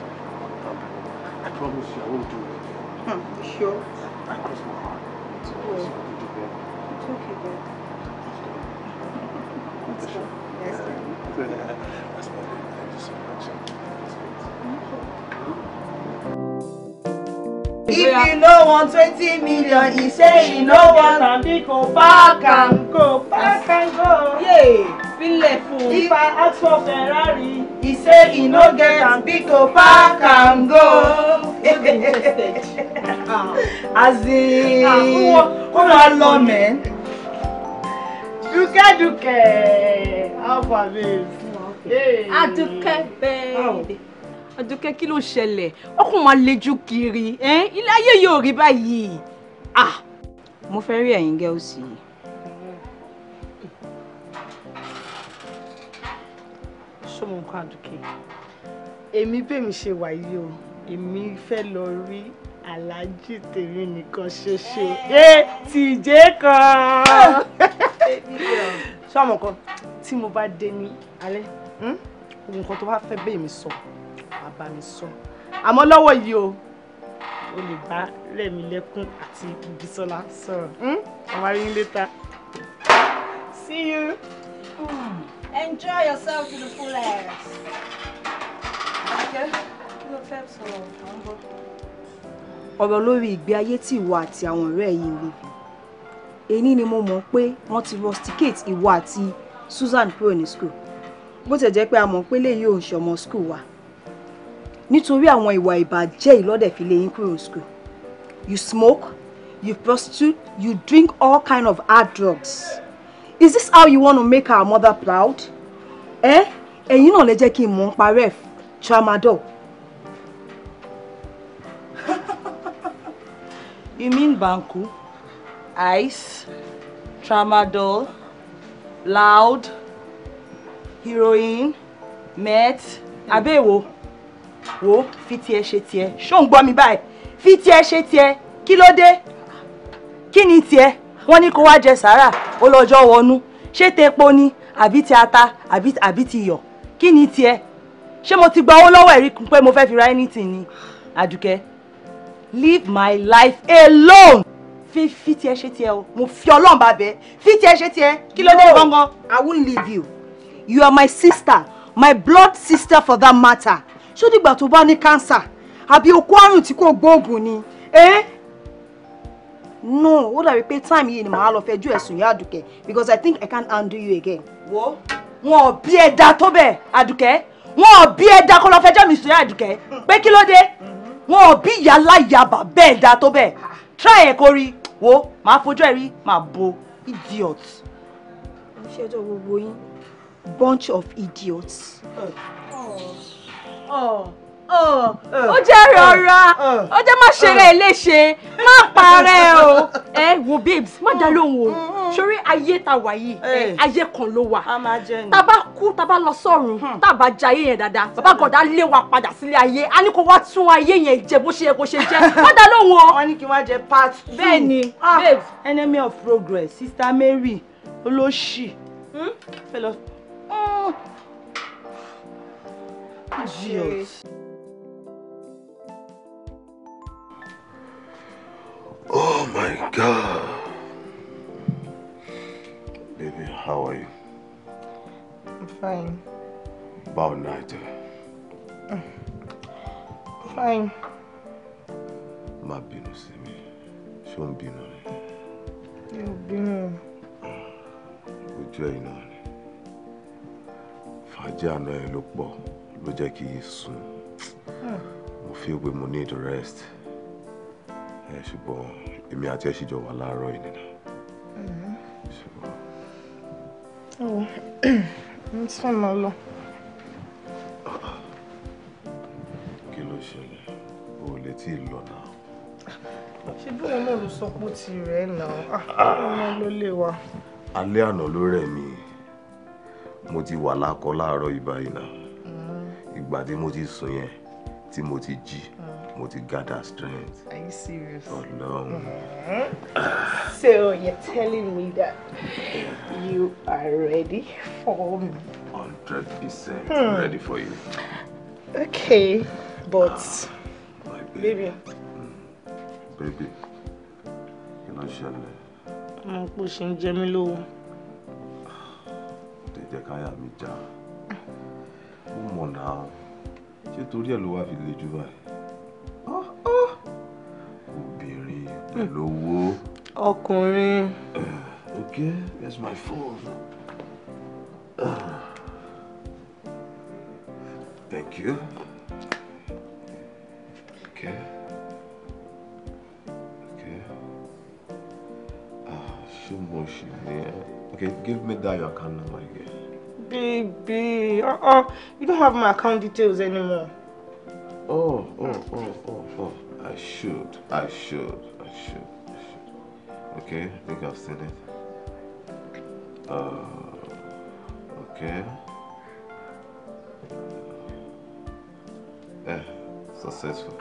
I promise you I won't do it again. Hmm. You sure? I cross my heart. It's okay. It's okay, babe. It's fine. Yes, That's my baby. Thank you so much. If you no want 20 million, he say he no want and he go back and go, back and go. Yeah, feel left. If I ask for Ferrari, He say he no get and am up pack and go. As in, ó lọ lọ man. Dúkẹ́ Dúkẹ́, how far ah, babe? Adúkẹ́ ah, babe. Adúkẹ́ kí ló ṣẹlẹ̀? Ọkùnrin máa lejú kiri. Eh? Ilé ayé yóò rí Ah. Mo fẹ́ rí ẹ̀yin gẹ́ọ̀sì yìí. ṣọmọ nǹkan àdùkẹ́ èmi bẹ́ẹ̀ mi ṣe wà yìí o èmi fẹ́ lọ rí aláàjì tèmi nìkan ṣoṣo ẹ tìjẹ́ kan ah! ṣọmọ kan tí mo bá dé ní alẹ́ hmm, ohun kan tó bá fẹ́ bẹ́ẹ̀ mi sọ wàá mi sọ àmọ́ lọ́wọ́ yìí o o lè bá Rẹ̀mílẹ́kún àti Bísọ́lá sọ̀rọ̀ ọmọ aríyìn lẹ́ta see you. Mm. Enjoy yourself to the fullest. ọ̀rọ̀ lórí ìgbé ayé tí ìwọ àti àwọn ọ̀rẹ́ yìí ń lébi èyí ni mo mọ̀ pé wọ́n ti rusticate ìwọ àti Susan kúrò ní school bó tẹ̀ jẹ́ pé a mọ̀ pé léyìí ò ń ṣọmọ school wa nítorí àwọn ìwà ìbàjẹ́ ìlọ́dẹ̀ fi lé yín kúrò ní school you smoke you prostitute you drink all kind of hard drugs. Is this how you want to make our mother proud? Eh? And you know, jẹ́ kí n mọ̀ nípa ref tramadol. You mean Banku, Ice, Tramadol, Loud, Heroin, Meth, Abewo. Wo fi tiẹ̀ ṣe tiẹ̀. Ṣó ń gbọ́ mi báyìí? Fi tiẹ̀ wọ́n ní kó wá jẹ sàárà ó lọ́jọ́ wọnú ṣé tepo ni àbí ti ata àbí ti iyọ̀ kí ni tiẹ̀ ṣé mo ti gba owó lọ́wọ́ ẹ̀rí pé mo fẹ́ fi ra anything ni àdùkẹ́ leave my life alone fi fi tiẹ̀ ṣe tiẹ̀ o mo fi ọlọ́run bá bẹ́ẹ̀ fi tiẹ̀ ṣe tiẹ̀ kí ló dé gangan. I won't leave you you are my sister my blood sister for that matter ṣó dìgbà tó bá ní cancer àbí okó àrùn tí kò gbóògùn ni. Eh? no what I repay time yìí ni màá lọ fẹjú ẹ̀sùn ìyá Aduke, because i think i can't undo you again. wo wọn Be bí ẹ̀dá tó Aduke. àdùkẹ́ Be ò bí ẹ̀dá kó lọ fẹjọ́ mi sùn de? àdùkẹ́ Be kí ló dé wọn ò bí try ẹ̀ kó rí wo màá fojú ẹ̀ bo idiot. bunch of idiots. Oh. Oh ó jẹ́ rọra ó jẹ́ má ṣe rẹ̀ léṣe má parẹ́ o ẹ wo babes má dá lóhùn o mm, mm, mm. sórí ayé ta wà yìí eh. ayé kan ló wà tá bá kú tá bá lọ sọ́run hmm. tá bá jayé yẹn dáadáa bàbá gọ̀dá lé wa padà sílé ayé a ní kó wá tún ayé yẹn jẹ bó ṣe yẹ kó ṣe jẹ má dá lóhùn o. wọ́n ní kí wọ́n jẹ part two bẹ́ẹ̀ ni ah, babes enemy of progress sister Mary olóṣì hmm? fẹ́ lọ. Hmm. Idiot. Oh my God. Baby, how are you? I'm fine. About night. fine. My bino sí mi. Ṣé o ń bínú ni? Mi ò bínú. Ojú ẹ̀yìn náà look Fàájì àná ẹ soon. I hmm. feel we need to rest ẹ ṣùgbọ́n èmi àti ẹ ṣì jọ wà láàárọ̀ yìí nínú. ọwọ mo ti fẹ́ máa lọ. kí ló ṣẹlẹ̀ o ò lè tí ì lọ náà. ṣé bí òun náà ló sọ pé ó ti rẹ̀ ẹ́ náà ọmọ ah, ah. ló lè wa. alẹ́ àná ló rẹ̀ mí mo ti wà lákọ láàárọ̀ yìí báyìí náà mm-hmm. ìgbà tí mo ti sùn yẹn tí mo ti jí mo ti gather strength. Are you serious? Ọlọ́run. Oh, mm-hmm. no. So you're telling me that you are ready for me? Hundred percent hmm. ready for you. Okay, but ah, my baby. Baby. Mm. Baby. Kí ló ṣẹlẹ̀? Mo kò ṣe ń jẹ mí lówó. Tẹ̀jẹ̀ káyà mi já. Ó mọ̀ náà. Ṣé torí ẹ̀ ló wá fi le jù báyìí? obìnrin pẹ̀lú owó. ọkùnrin. Eh, okay where's my phone. Eh, thank you. okay. okay. ah ṣé mo ṣì okay give me that your account number again. baby uh-uh. you don't have my account details anymore. Oh, oh, oh, oh, oh. I should, I should, I should, I should. Okay, I think I've seen it. Uh, okay. Eh, successful.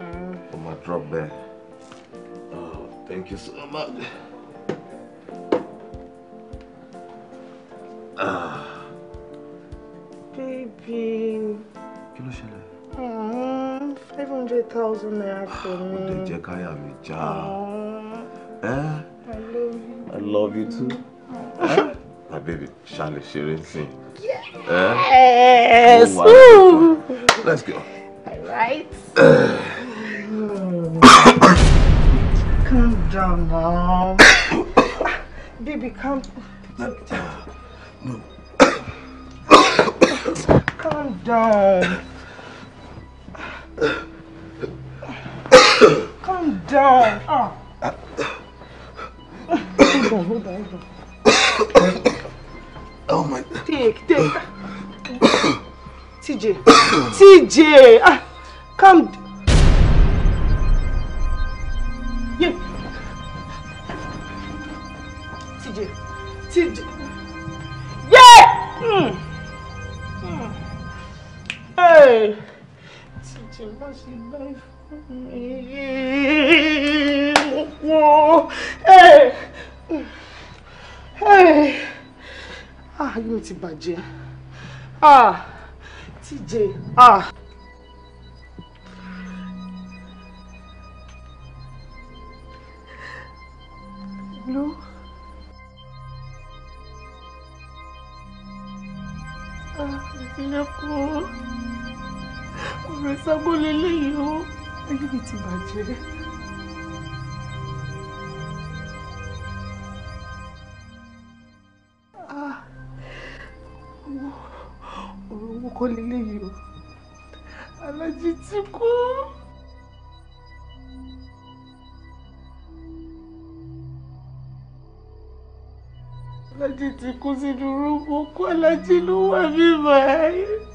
Mm. On my drop there. Oh, thank you so much. Ah. Baby. Kí ló fún hmm, five hundred thousand naira ah, fún mi. ó lè jẹ́ káyà mi já. Eh? I love you too. Eh? My baby, ṣàlè ṣeré sí. Yes! Eh? Let's go. Alright. Calm down, mom. Baby, calm. Ah, no. Calm down. Calm down. Oh. Ah. hold on, hold on, hold on. Oh my. Take, take. TJ. TJ. Ah, calm. Yeah. TJ. TJ. Yeah. Mm. Mm. Hey ṣe láti láì fún mi. mo kú ó ayé mi ti bàjẹ́ tíjẹ. Hello? Ah, je suis là pour ọ̀rọ̀ ìságbó lélẹ́yìí o ayé mi ti bàjẹ́. Ah, ọ̀rọ̀ owó kọ́ lélẹ́yìí o alájí ti kú. alájí ti kú sínú rúbọ kú alájí ló wà bíbá yìí.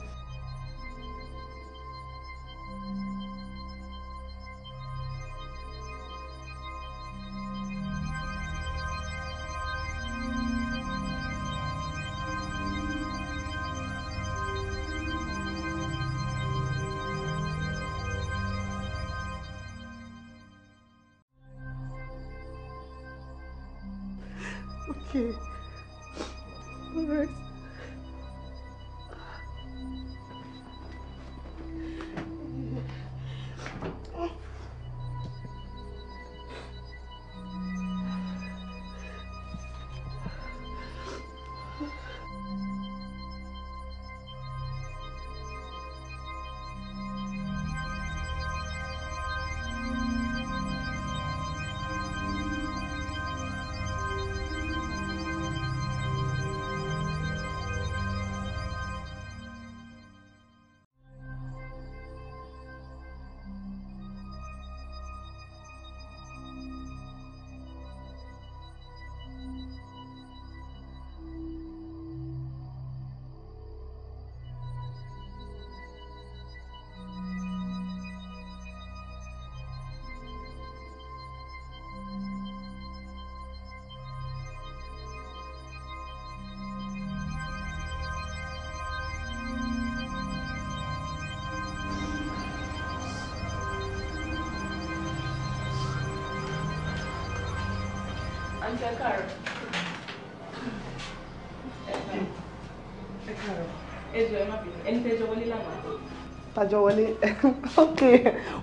tajọ wọlé ok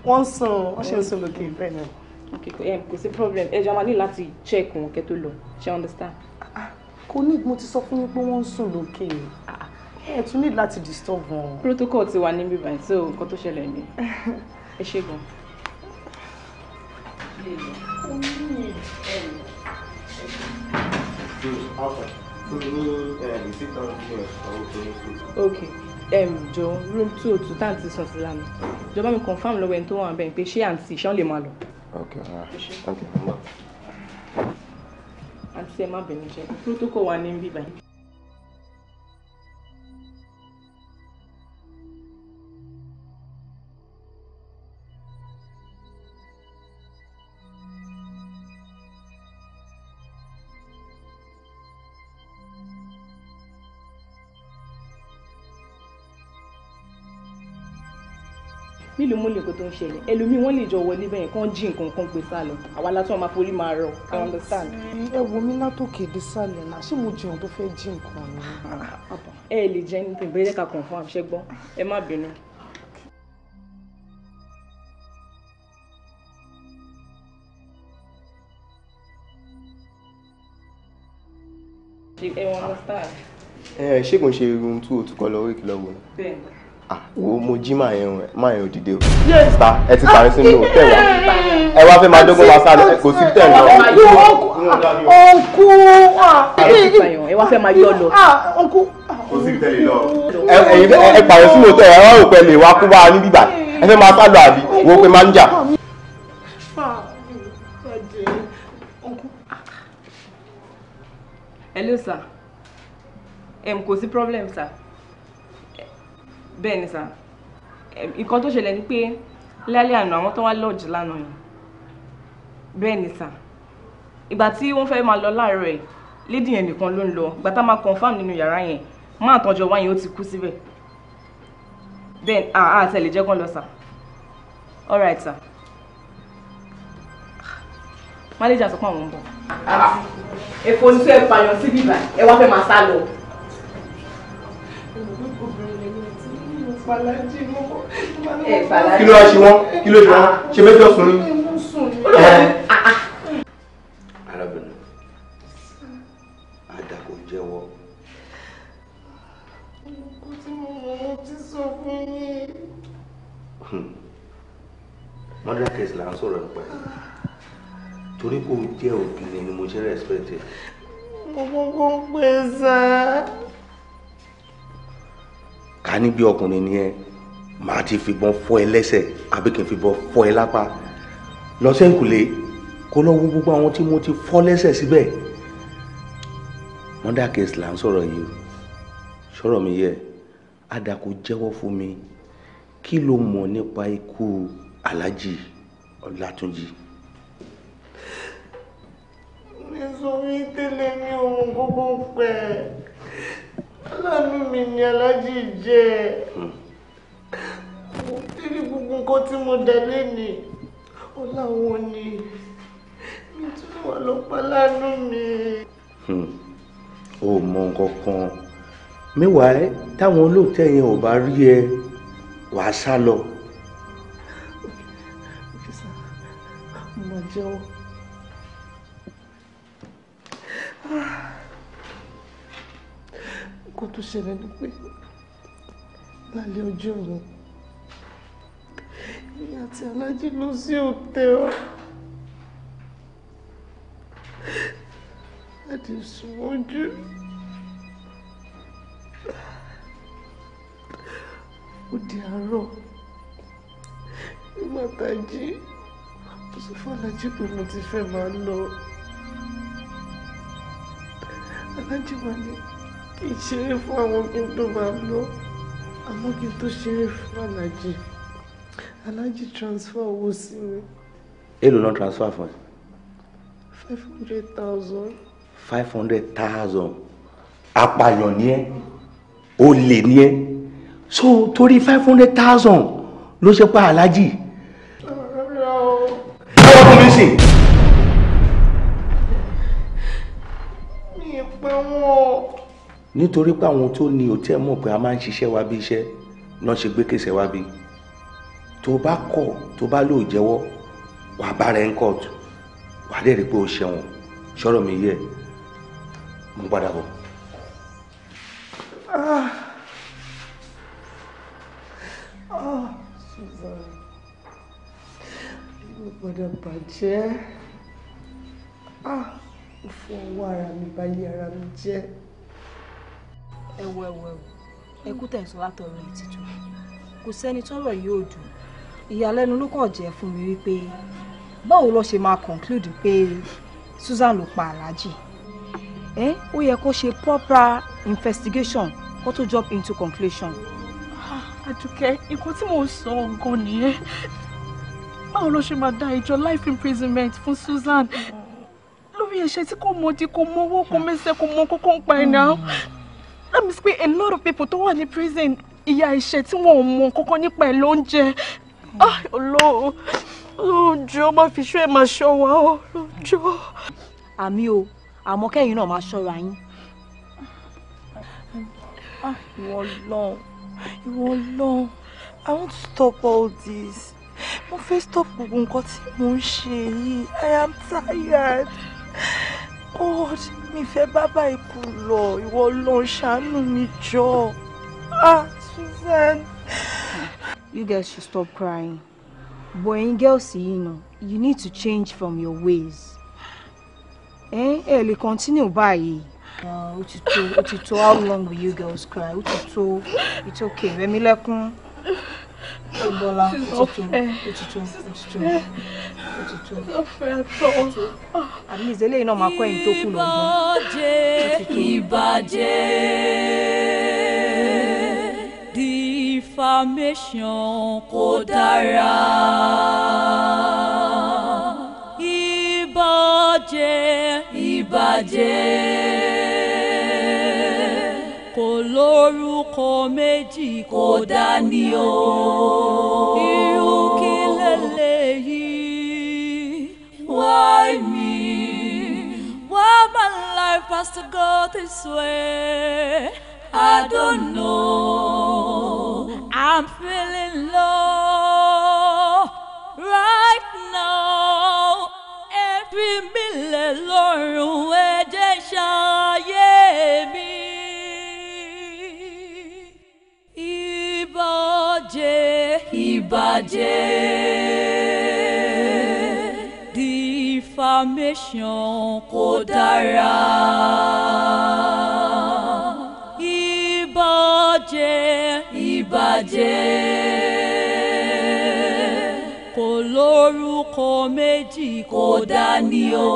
wọ́n sùn wọ́n ṣe ń sùn lókè bẹ́ẹ̀ náà. ok eh, kò sí problem ẹ jọ̀ọ́ máa ní láti check wọn kẹ́ tó lọ ṣe understand. Ah, kò ní mo ti sọ fún yín pé wọ́n ń sùn lókè ah, ẹ tún ní láti disturb wọn. protocol ti wà níbí báyìí so nǹkan tó ṣẹlẹ̀ ni ẹ ṣe gan. Hmm, okay jọ room two oh two táǹtì sùn sí lánàá ìjọba mi confam lọ́wọ́ ẹni tó wà bẹ́ẹ̀ pé ṣé àǹtí ṣán lè máa lọ. ok alright thank you. àǹtí ẹ má bẹ̀rù jẹ́ protocol wa ní bíbá yìí. múlùmúlù nǹkan tó ń ṣẹlẹ̀ ẹlòmíì wọ́n lè jọ wọlé bẹ́ẹ̀ kán jí nǹkan kan gbé sá àwa látọ̀ máa forí máa rọ i understand. ẹ wo mi látòkè dé sálẹ̀ náà ṣé mo jiyàn tó fẹ́ jí nǹkan ni. ẹ lè jẹ anything bẹ́ẹ̀ ká confirm ṣẹ́gbọ́n ẹ má bínú. ẹ eh, ṣé kò ń ṣe irun two o two kọ lọ wíìkì lọ wò ni. Ah, wo mo jí màá yẹn màá yẹn òdìdé o star ẹ ti parí sínú tẹ wá ẹ wá fẹ́ máa dọ́gbọ́n wá sálẹ̀ kò sí tẹ̀ lọ. Ah. Ah. ọ̀nkú ẹ wá fẹ́ máa yọ lọ. kò sí tẹ̀lé lọ. ẹ pààyàn sínú tẹ ẹ wá rò pé lè wá kú bá a ní bíbá ẹ fẹ́ máa sálọ àbí wo pé máa ń jà. hello sir um, kò sí problem sir bẹ́ẹ̀ ni sà nǹkan tó ṣẹlẹ̀ ni pé lálẹ́ àná àwọn tó wá lọ́ọ̀jì lánàá yìí bẹ́ẹ̀ ni sà ìgbà tí wọ́n fẹ́ máa lọ láàárọ̀ ẹ̀ lédì yẹn nìkan ló ń lọ ìgbà tá máa confam nínú yàrá yẹn máa tọ́jọ́ wáyé ó ti kú síbẹ̀ bẹ́ẹ̀ à á jẹ́ kán lọ sà all right sà manager sọ pé àwọn ń bọ̀. èkó ní sọ ẹ pààyàn síbí báyìí ẹ wá fẹ́ máa sá lọ. kí ló ṣe wọ́n kí ló ṣe wọ́n ṣe méjì ọ̀sùn ni. arábìnrin àdàkọ jẹ́wọ́. kò tí mo mọ̀ mo ti sọ fún yín. mọ́dà kẹ́sì là ń sọ̀rọ̀ nípa ẹ̀ torí kò jẹ́ obìnrin ni mo ṣe respect ẹ̀. mo kọ́kọ́ pè é sáà ká ní bí ọkùnrin nìyẹn màá ti fìbọn fọ́ ẹ lẹ́sẹ̀ àbí kí n fìbọn fọ́ ẹ lápá lọ sẹ́ńkùlé kó lọ wo gbogbo àwọn tí mo ti fọ́ lẹ́sẹ̀ síbẹ̀ mọ́dà case là ń sọ̀rọ̀ yìí o sọ̀rọ̀ mi yẹ adako jẹ́wọ́ fún mi kí ló mọ̀ nípa ikú Alhaji Ọlátúnjí. mi sọ wí tẹ́lẹ̀ mi ò gbogbo pẹ́ lánàá mi ni aláàjì jẹ́ hmm. torí gbogbo nǹkan tí mo dà lẹ́ni ó láwọn ni mi tún wà lọ́pàá lánàá mi. Hmm. o mọ nǹkan kan mẹ́wàá táwọn olóòtẹ́ yẹn ò bá rí ẹ wàá sá lọ. mo máa jẹ́wọ́ nǹkan tó ṣẹlẹ̀ ni pé lálẹ́ ọjọ́ òun èmi àti alájí lọ sí òtẹ́ ọ láti sùnwọ́jú ó di àárọ̀ nígbà tá a jí mo sọ fún alájí pé mo ti fẹ́ máa lọ alájí wa ni ìṣeré fún àwọn kí n tó máa lọ àmọ́ kí n tó ṣeré fún alájì alájì transfer owó sí mi. èló ló transfer fún ẹ. five hundred thousand. five hundred thousand apààyàn ni ẹ olè ni ẹ so torí five hundred thousand ló ṣe pa alájì. rárá báwo kò ní sìn. mi ì pẹ́ wọ́n nítorí pé àwọn tó ní òtí ẹ̀ mọ̀ pé a máa ń ṣiṣẹ́ wa bí iṣẹ́ náà ṣe gbé kéṣẹ́ wa bí tó bá kọ̀ tó bá lò jẹ́wọ́ wà á bá rẹ̀ ń kọ̀tù wà á dẹ̀ pé o ṣẹ̀wọ̀n sọ̀rọ̀ mi yẹ mo padà bọ̀. padà bàjẹ́. Ah, mo fún ọwọ́ ara mi balẹ̀ ara mi jẹ́ ẹwọ ẹwọ ẹwọ ẹkú tẹ̀sán látọrọ ìtìjú kò sẹ́ni tọ́rọ̀ yóò dùn ìyàlẹ́nu ló kàn jẹ́ fún mi wípé báwo ló ṣe máa conclude pé Susan ló pa Alhaji ẹ ó yẹ kó ṣe proper investigation kó tó jump into conclusion. Àdùkẹ́ nǹkan tí mò ń sọ gan nìyẹn báwo ló ṣe máa dá ìjọ life imprisonment fún Susan lórí ẹ̀ṣẹ̀ tí kò mọ̀dí kò mọ̀wọ́ kò mẹ́sẹ̀ kò mọ̀ kókó ń pa ẹ̀ náà that means a lot of people don't want in prison Yeah, it's tí wọn ò mọ kankan nípa ẹ̀ ló ń Joe, my lóòjọ́ my show, oh ẹ̀ máa ṣọ́ I'm okay. You know, my show kẹ́yìn náà máa ṣọ́ra yín. Ah, ìwọ Ọlọ́run I want to stop all this mo fẹ́ stop gbogbo nǹkan tí mo I am tired. God mi fẹ́ bábà ikú lọ ìwọ ló ṣàánú mi jọ ah Susan. You girls should stop crying but ẹ̀yin girls yìí na you need to change from your ways ẹ ẹ lè continue báyìí. Ah, ó ti how long will you girls cry ó it's okay rẹmi lẹ́kún. Bọ́lá ó ti tó àmì ìzẹ́lẹ̀ iná máa kọ́ ẹ̀yìn tó kù lọ́gbọ́n. ìbàjẹ́ ìbàjẹ́ kò dára. ìbàjẹ́ ìbàjẹ́ kò lórúkọ méjì kò dání o. irú kí. by me. Why my life has to go this way? I don't know. I'm feeling low right now. Every minute, Lord, where they shine me. Ibaje, ibaje information kò dára. Ìbàjẹ́ ìbàjẹ́ kò lórúkọ méjì kò dání o.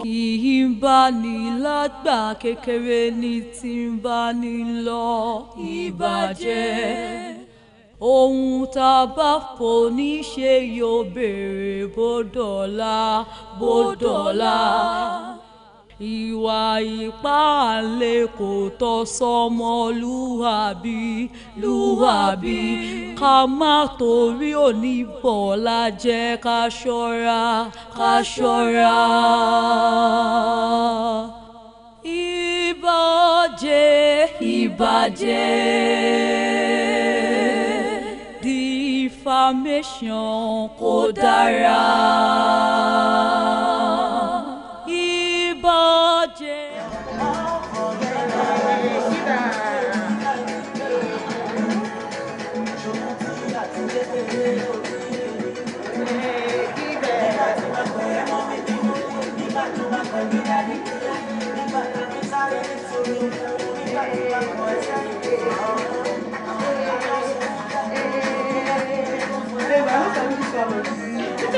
Kì í bá ní lágbà kékeré ní tí ń bá lọ. Ìbàjẹ́ ohun tá a bá fò ní ṣe yóò béèrè bó dọ̀la bó dọ̀la ìwà ìpáàlè kò tọ́ sọmọ lúwàbí lúwàbí ká má torí òní bọ̀la jẹ́ ká ṣọ́ra ká ṣọ́ra. ìbàjẹ́ ìbàjẹ́ information kò dára.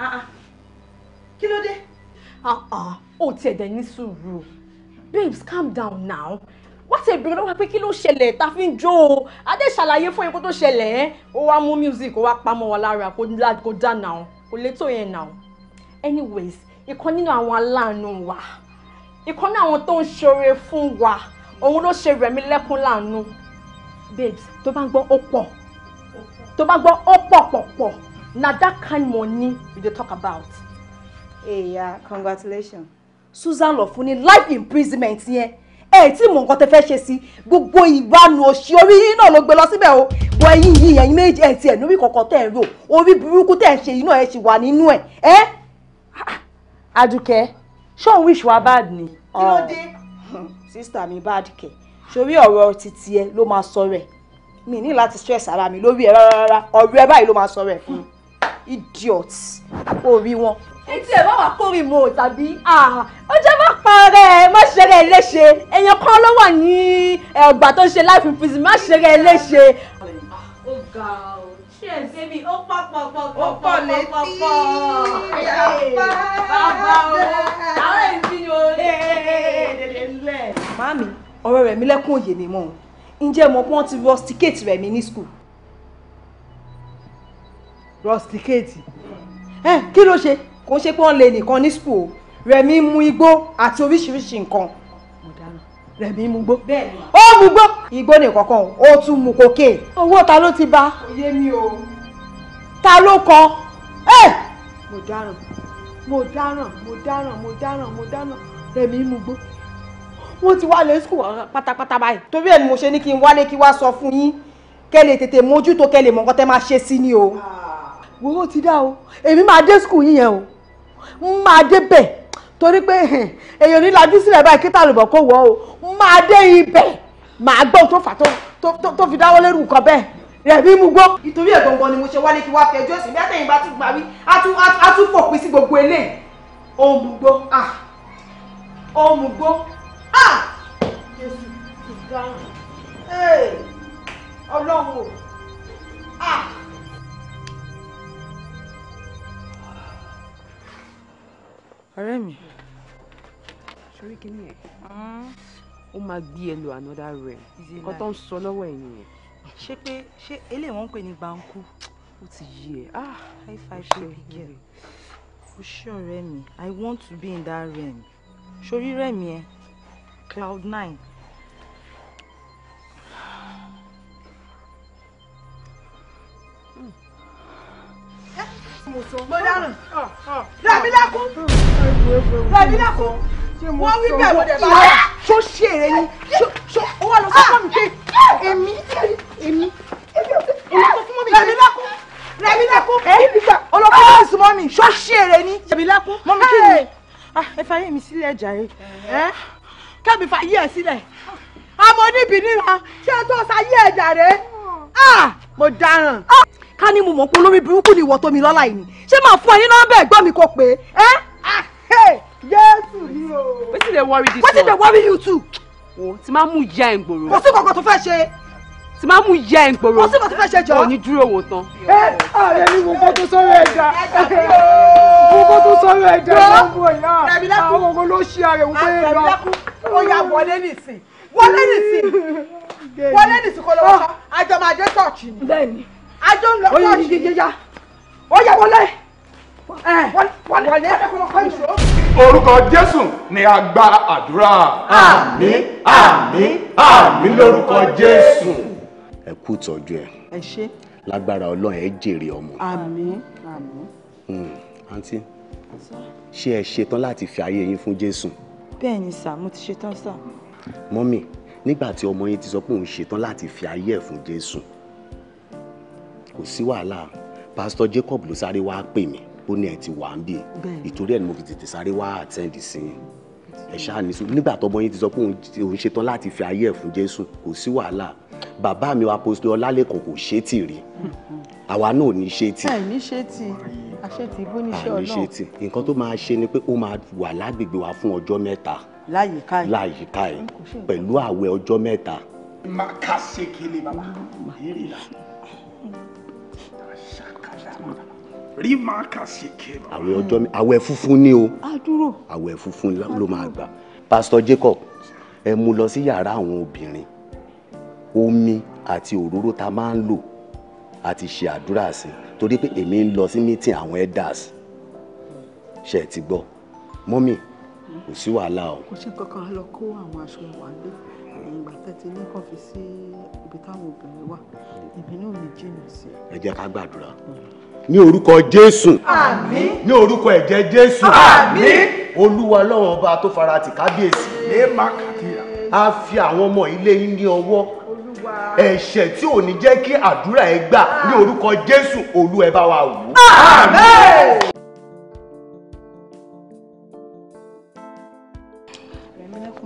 Ah, ah. kí ló dé. ó ah, tiẹ̀ dẹ̀ ní sùúrù babes calm down now wọ́n ti bèrè lọ́wọ́ pé kí ló ṣẹlẹ̀ ta fi ń jó o adé ṣàlàyé fún yín kó tó ṣẹlẹ̀ ẹ́ ó wá mú music ó wá pamọ́ wa lára kó dá now kò létò yẹn now anyways ìkan nínú àwọn aláàánú wa ìkan nínú àwọn tó ń ṣoore fún wa òun ló ṣe rẹ̀mí lẹ́kún láàánú babes tó bá ń gbọ́ ó pọ̀ tó bá gbọ́ ó pọ̀ pọ̀ pọ̀ na that kind money we dey talk about. Hey, yeah, congratulations. Susan Lofuni life imprisonment yẹn Eh, tí mọ nǹkan tẹ fẹ́ ṣe sí gbogbo ìbánu òṣì orí yìí náà ló gbé lọ síbẹ̀ o wọ ẹyin yìí ẹyin méjì ẹ ti ẹ̀ lórí kọ̀ọ̀kan tẹ̀ ń rò orí burúkú tẹ̀ ń ṣe yìí náà ẹ sì wà nínú ẹ̀ ẹ́ Adùkẹ́ ṣóun wíṣù wa bad ni. kí ló dé. mi bad ke. sórí ọ̀rọ̀ títí ẹ ló máa sọ rẹ̀ mi ní láti stress ara mi lórí ẹ rárá ọ̀rọ̀ ẹ báyìí ló máa sọ rẹ̀ fún mi. Idiots. orí wọn. etí ẹ̀ bá wà kórìí mo tàbí ó jẹ́ má parẹ́ ẹ má ṣeré ẹ léṣe èèyàn kan ló wà ní ọgbà tó ń ṣe life in prison má ṣeré ẹ léṣe. ó ga o ṣé ẹ bẹ́bí ó pọ̀ pọ̀ pọ̀ pọ̀ pọ̀ pọ̀ pọ̀ bàbá o àwọn èyí ni o lè lè màámi ọ̀rọ̀ rẹ̀ mi lẹ́kún òye mi mọ́ ǹjẹ́ mo pọ́n ti rusticate rẹ̀ mi ní school rusticate ẹ kí ló ṣe kò ṣe pé wọ́n lè nìkan ní school o rẹ̀mí mu igbó àti oríṣiríṣi nǹkan rẹ̀mí mu igbó ó mu igbó igbó nìkankan ó tún mu kókè owó ta ló ti bá ta ló kọ ẹ mo dáràn mo dáràn mo dáràn mo dáràn mo dáràn rẹ̀mí mu igbó wọ́n ti wá lé skul pátápátá báyìí torí ẹ̀ ni mo ṣe ní kí n wálé kí n wá sọ fún yín kẹ́ tètè mójútó kẹ́ lè máa ṣe sí ni o. Ah wo ó ti dá o èmi máa dé skul yín yẹn o máa dé bẹ̀ torí pé èèyàn ní lajú sílẹ̀ báyìí kí tàlùbọ̀ kó wọ̀ o máa dé ibẹ̀ máa gbọ́ tó fà tó fi dáwọ́ lérú nǹkan bẹ́ẹ̀ rẹ̀bí mú gbọ́. nítorí ẹ̀ gbọ̀ngàn ni mo ṣe wálé kí wá fẹjọ́ sí bí àtẹ̀yìnbá tún gbà wí á tún fòpin sí gbogbo eléyìí òmù gbọ́ òmù gbọ́ jésù ìdáhùn ọlọ́run o. ọ̀rẹ́ mi. sori kini yẹn. Mm. ó máa gbé ẹ lọ another realm nǹkan tó ń sọ lọ́wọ́ ẹ̀ nìyẹn. ṣé pé ṣé eléyìí wọ́n ń pè ní gbáǹkú. ó ti yí ẹ ah high five baby girl. o ṣé ọ̀rẹ́ mi i want to be in that realm. sori rẹ̀ mi ẹ cloud nine mo dáràn Rẹ̀mílẹ́kún ah, ah. Rẹ̀mílẹ́kún ah, wọ́n wí bẹ́ẹ̀ mo dẹ̀ bá wà. ṣó ṣe èrè ni ṣó ó wà lọ sọ́kọ́ mi pé èmi èmi èmi sọ fún mi. Rẹ̀mílẹ́kún Rẹ̀mílẹ́kún ọlọ́kọ́ mi sùn mọ́ mi ṣó ṣe èrè ni. Rẹ̀mílẹ́kún mọ́ mi kí ni ẹ fà yé mi sílẹ̀ jàre kẹ́mi fà yé ẹ sílẹ̀ àmọ́ níbi níra ṣé tó sa yé ẹ jàre mo dáràn ká ní mo mọ̀ pé olórí burúkú ni ìwọ tómi lọ́la yìí ṣé máa fún ẹ ní nọ́mbà ẹ̀gbọ́n mi kò pé ẹ́ yéésù ni o. wetin dey worry dis one wetin dey worry you too. wo ti máa mú ìyá ẹ̀ ń gbòòrò. kò sí kankan tó fẹ́ ṣe. ti máa mú ìyá ẹ̀ ń gbòòrò. kò sí kankan tó fẹ́ ṣe jọ. òní dúró wò tán. ẹ ààrẹ ni mo kọ́ tó sọ̀rọ̀ ẹ̀dá mo kọ́ tó sọ̀rọ̀ ẹ̀dá ìyàwó ìyá àwọn ọmọ ló ṣe ààrẹ òun wọlé nìsín wọlé nìsín wọlé nìsín kó ah. ni. bẹ́ẹ̀ni àjọ ń lọ kọ́ọ̀ṣì yíyá ó yà wọlé wọlé orúkọ jésù ni a gba àdúrà àmín àmín àmín lórúkọ jésù. ẹ kú ìtọ́jú ẹ ẹ ṣé lágbára ọlọ́run ẹ jèrè ọmọ. àmín àmín. Hmm, àǹtí ṣé ẹ ṣetán láti fi ayé yín fún jésù. bẹ́ẹ̀ ni sà mo ti ṣetán sà. mọ́mì nígbà tí ọmọ yín ti sọ pé òun ṣetán láti fi ayé ẹ̀ fún jésù kò sí wàhálà pastor Jacob ló sáré wá pè mí ó ní ẹ ti wà ń bì ìtorí ẹ ni mo fi tètè sáré wá attend sí yín ẹ ṣáà ní sùn nígbà tọmọ yín ti sọ pé òun ṣetán láti fi ayé ẹ fún Jésù kò sí wàhálà bàbá mi apostol Ọlálẹ́kan kò ṣe tì rí àwa náà ò ní ṣe tì. ẹ ní ṣe tì àṣetì bó ní ṣe Ọlọ́run. nǹkan tó máa ṣe ni pé ó máa wà lágbègbè wa fún ọjọ́ mẹ́ta láyìíká ẹ̀ láyìíká ẹ̀ pẹ̀lú àwẹ̀ ọjọ́ mẹ́ta. máa ká ṣe kele bàbá. rímà kàṣíkè. àwọn ọjọ́ mi àwẹ̀ funfun ni o àwẹ̀ funfun ló máa gbà Pastor Jacob ẹ mú lọ sí yàrá àwọn obìnrin omi àti òróró tá a máa ń lò àti ṣe àdúrà sí torí pé èmi ń lọ sí meeting àwọn elders ṣe ti gbọ́ mọ́mì kò sí wàhálà o. kò ṣe kankan lọ kó àwọn aṣọ ìwà gbé ìgbà tẹ́tí ní kàn fi sí ibi táwọn obìnrin wà ìbínú mi jìnnà sí. ẹ jẹ́ ká gbàdúrà. Mm ní orúkọ jésù àmín ní orúkọ ẹ̀jẹ̀ jésù àmín olúwa lọ́wọ́n ọba tó fara tì kábíyèsí a fi àwọn ọmọ ilé yín ní ọwọ́ ẹ̀ṣẹ̀ tí ò ní jẹ́ kí àdúrà ẹ gbà ní orúkọ jésù olú ẹ bá wa wò. àmín.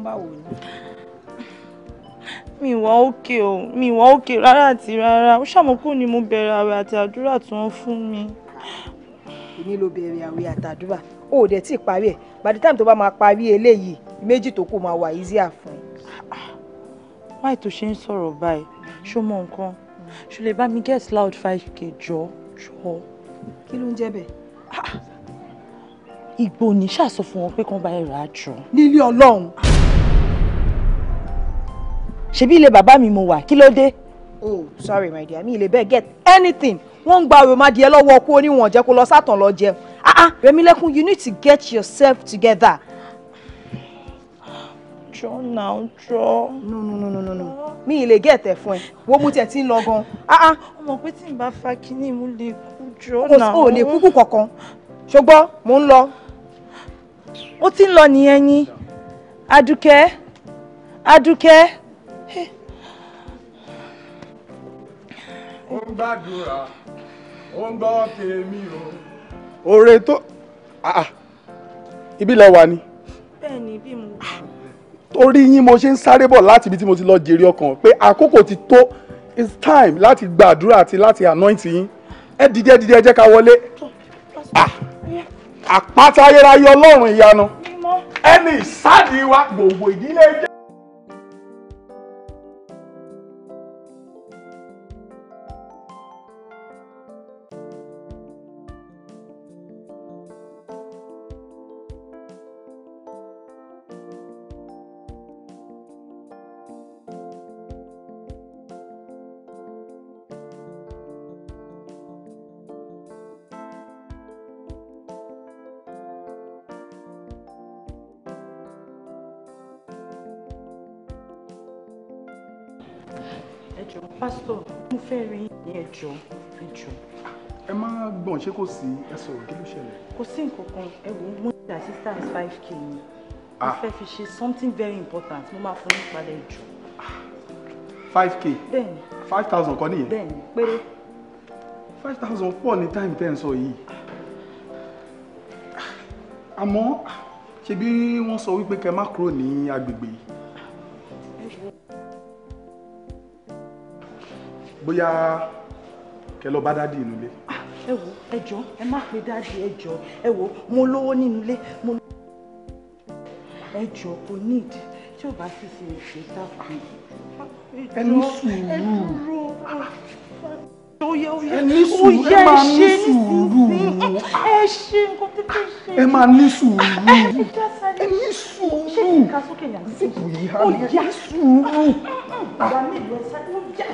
báwo ni mi wà òkè o mi wà òkè rárá àti rárá ó ṣàmókù ni mo bẹ̀rẹ̀ àwẹ̀ àti àdúrà tí wọ́n fún mi. èmi ló bẹ̀rẹ̀ àwẹ̀ àtàdúrà ó dẹ̀ tí ì parí ẹ̀ by the time tó bá máa parí eléyìí méjì tó kù máa wà easier fún ẹ. wáì tó ṣe ń sọ̀rọ̀ báyìí ṣó mọ nǹkan ṣó lè bá mi get loud five k jọ jọ. kí ló ń jẹ́ bẹ́ẹ̀. Ah, ìgbò ṣàsọ fún wọn pé kán bá ẹ rà á jọ. nílé ọlọ́run ṣebí ilé bàbá mi mo wà kí ló dé. oh sorry my dear mi ì bẹ́ẹ̀ get anything wọ́n ń gba òròmọdìẹ lọ́wọ́ ọkọ oníwọ̀n jẹ́ kó lọ sátàn lọ jẹun ah ah Rẹ̀mílẹ́kún you need to get yourself together. jọ náà jọ. no no no no no no mi ì get ẹ̀ fún ẹ wo mo tiẹ̀ ti ń lọ gan. ah ah ọmọ pé tí n bá fa kínní mo lè kú jọ náà. o lè kúkú kankan ṣùgbọ́n mo ń lọ. ó ti ń lọ nìyẹn ni Adúkẹ́ Adúkẹ́. ó ń gbàdúrà ó ń gbọ́ tèmi o. oore tó ah, ah, ibi lẹ wà ni. bẹ́ẹ̀ni bí mo. Ah, torí yín mo ṣe ń sáré bọ̀ láti ibi tí mo ti lọ jèrè ọkàn pé àkókò ti tó it's time láti gbàdúrà àti láti anoint yín ẹ dìde dìde ẹ jẹ́ ká wọlé àpáta ayérayé ọlọ́run ìyanu ẹni ìsádi wa gbogbo ìdílé jẹ́. jọ ẹ ẹ má gbọ̀n ṣé kò sí ẹ sọ̀rọ̀ ló ṣẹlẹ̀. kò sí nǹkan kan ẹ̀wọ̀n mo ní assistance five k ni mo ah. fẹ́ fi ṣe something very important mo máa fún nípa rẹ̀ five k bẹ́ẹ̀ni five thousand kọ́ nìyẹn. bẹ́ẹ̀ni péré. five thousand pọ̀ ní time ten sọ yìí àmọ́ ṣebí wọ́n sọ wípé kẹ́ má kúrò ní agbègbè yìí. bóyá kẹ lọ bá dádì inú ilé. Ah, ẹ wo ẹ jọ ẹ má pe dádì ẹ jọ ẹ wo mo lówó nínú ilé mo lówó ẹ jọ kò nídìí tí ò bá sì ṣe èsì dákun. ẹ ní sùúrù ẹ ní sùúrù ẹ máa ní sùúrù ẹ ṣe nǹkan tó fẹ́ ṣe. ẹ máa ní sùúrù ah, ẹ ní sùúrù zipu yìí ha ni ìhà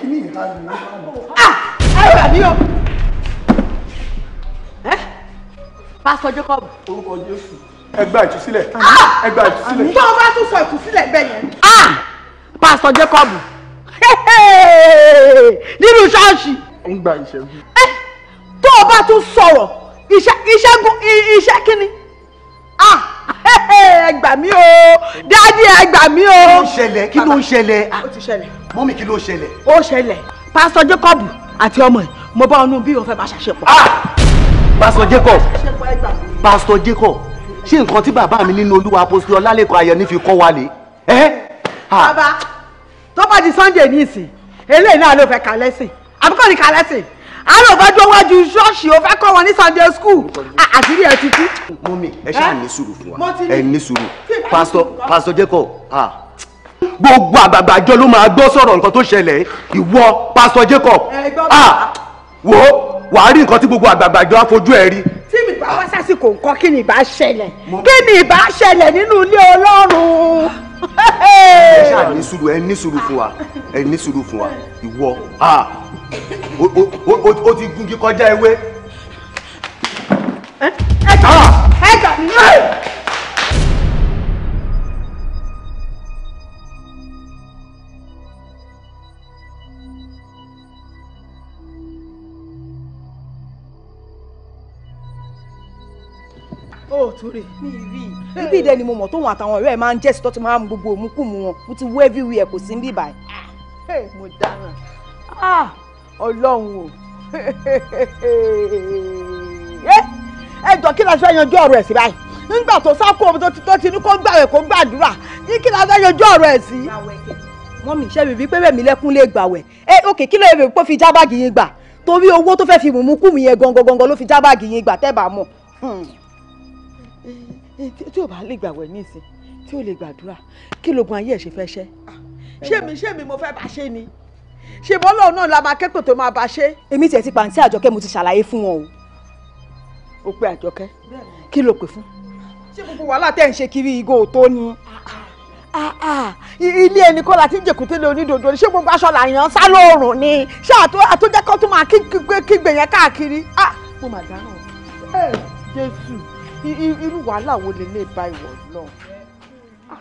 yìí gbà mí o. pásítọ̀ Jacob. orúkọ Jésù ẹ gba ìtúsílẹ̀ ah! Ah! ẹ gba ìtúsílẹ̀. tó o bá tún sọ ìtúsílẹ̀ bẹ́ẹ̀ yẹn. Ah! pásítọ̀ Jacob nínú ṣọ́ọ̀ṣì. ó ń gba ìṣẹ́gun. tó o bá tún sọ̀rọ̀ ìṣẹ́gun iṣẹ́ kínní. ẹ gbà mí o dáàdì ẹ gbà mí o. kí ló ń ṣẹlẹ̀ kí ló ń ṣẹlẹ̀. ó ti ṣẹlẹ̀. mọ́mí kí ló ń ṣẹlẹ̀. ó ṣẹlẹ̀ pásítọ̀ Jacob àti ọmọ ẹ mo bá ọnu bí wọn fẹ́ bá ṣàṣepọ̀. Ah! pásítọ̀ Jacob pásítọ̀ Jacob ṣé nǹkan tí bàbá mi nínú olúwa apostol ọlálẹ́kọ̀ ayọ̀ ní fi kọ́ wa lè. Eh? Ah! bàbá tó bá di Sunday ní ìsìn eléyìí náà ló fẹ́ kà lẹ́sìn àbíkọ́ ni kà lẹ́sìn àárò bọ́jú iwájú ṣọ́ọ̀ṣì ó fẹ́ kọ́ wọn ní Sunday school àṣírí ẹ ti tú. mọ́mí ẹ ṣáà eh? ní sùúrù fún wa ẹ ní sùúrù pásítọ̀ Jacob. Ah gbogbo àgbàgbàjọ ló máa gbọ́ sọ̀rọ̀ nǹkan tó ṣẹlẹ̀ ìwọ pásítọ̀ Jacob ah wo wàá rí nǹkan tí gbogbo àgbàgbàjọ á fojú ẹ rí. tí mi bá wá sásìkò nǹkan kí ni ìbá ṣẹlẹ̀ kí ni ìbá ṣẹlẹ̀ nínú ilé Ọlọ́run. ẹ ṣáà ní sùúrù ẹ ní sùúrù fún wa ẹ ní sùúrù fún wa ìwọ ah o ti gungi kọjá ewé. ẹ kà ẹ kà mí. Ah! ó oh, torí mi rí i ibi ìdẹ ni mo mọ̀ tóun àtàwọn ọ̀rẹ́ ẹ̀ máa ń jẹ́ sítọ́ tí máa ń gbogbo òmùkùmù wọn mo ti wọ everywhere kò sí níbí báyìí. Ah, mo dáràn ah! ọlọ́run o ẹ jọ kí la fẹ́ yanjú ọ̀rọ̀ ẹ̀ sí báyìí nígbà tó sá kó omi tó ti ní kó gbàwẹ̀ kó gbàdúrà ní kí la fẹ́ yanjú ọ̀rọ̀ ẹ̀ sí. wọ́n mi ṣe bèbí pé bẹ́ẹ̀mí lẹ́kún lè gbàwẹ̀ ẹ òkè kí ló yẹ bèbí pé ó fi já báàgì yín gbà torí owó tó fẹ́ fi mùmú kùmù yẹn gangan gangan ló fi já báàgì yín gbà tẹ́ bá mọ̀. Hmm tí ò bá lè gbàwẹ̀ ní ìsìn tí ò lè gbàdúrà kí lóògùn ayé ẹ̀ ṣe fẹ́ ṣẹ́ ah, ṣé mi ṣé mi mo fẹ́ bá ṣe ni ṣe bọ́lọ̀ náà la máa kẹ́kọ̀ọ́ tó máa bá ṣe. èmi tiẹ̀ ti pàǹtí àjọkẹ́ mo ti ṣàlàyé fún wọn o. o pe àjọkẹ́ kí ló pè fún. ṣé gbogbo wàhálà tẹ̀ ń ṣe kiri ìgò tó ni ah, ah, ilé ẹni kọ́ láti ń jẹ̀kúté lé onídòdó ṣé gbogbo aṣọ làyàn sá lóòrùn ni ṣé àtúnjẹ́kọ́ tó máa kígbe yẹn káàkiri. mo mà dáná ẹ jésù irú wàhálà wo lè lè bá ìwọ náà.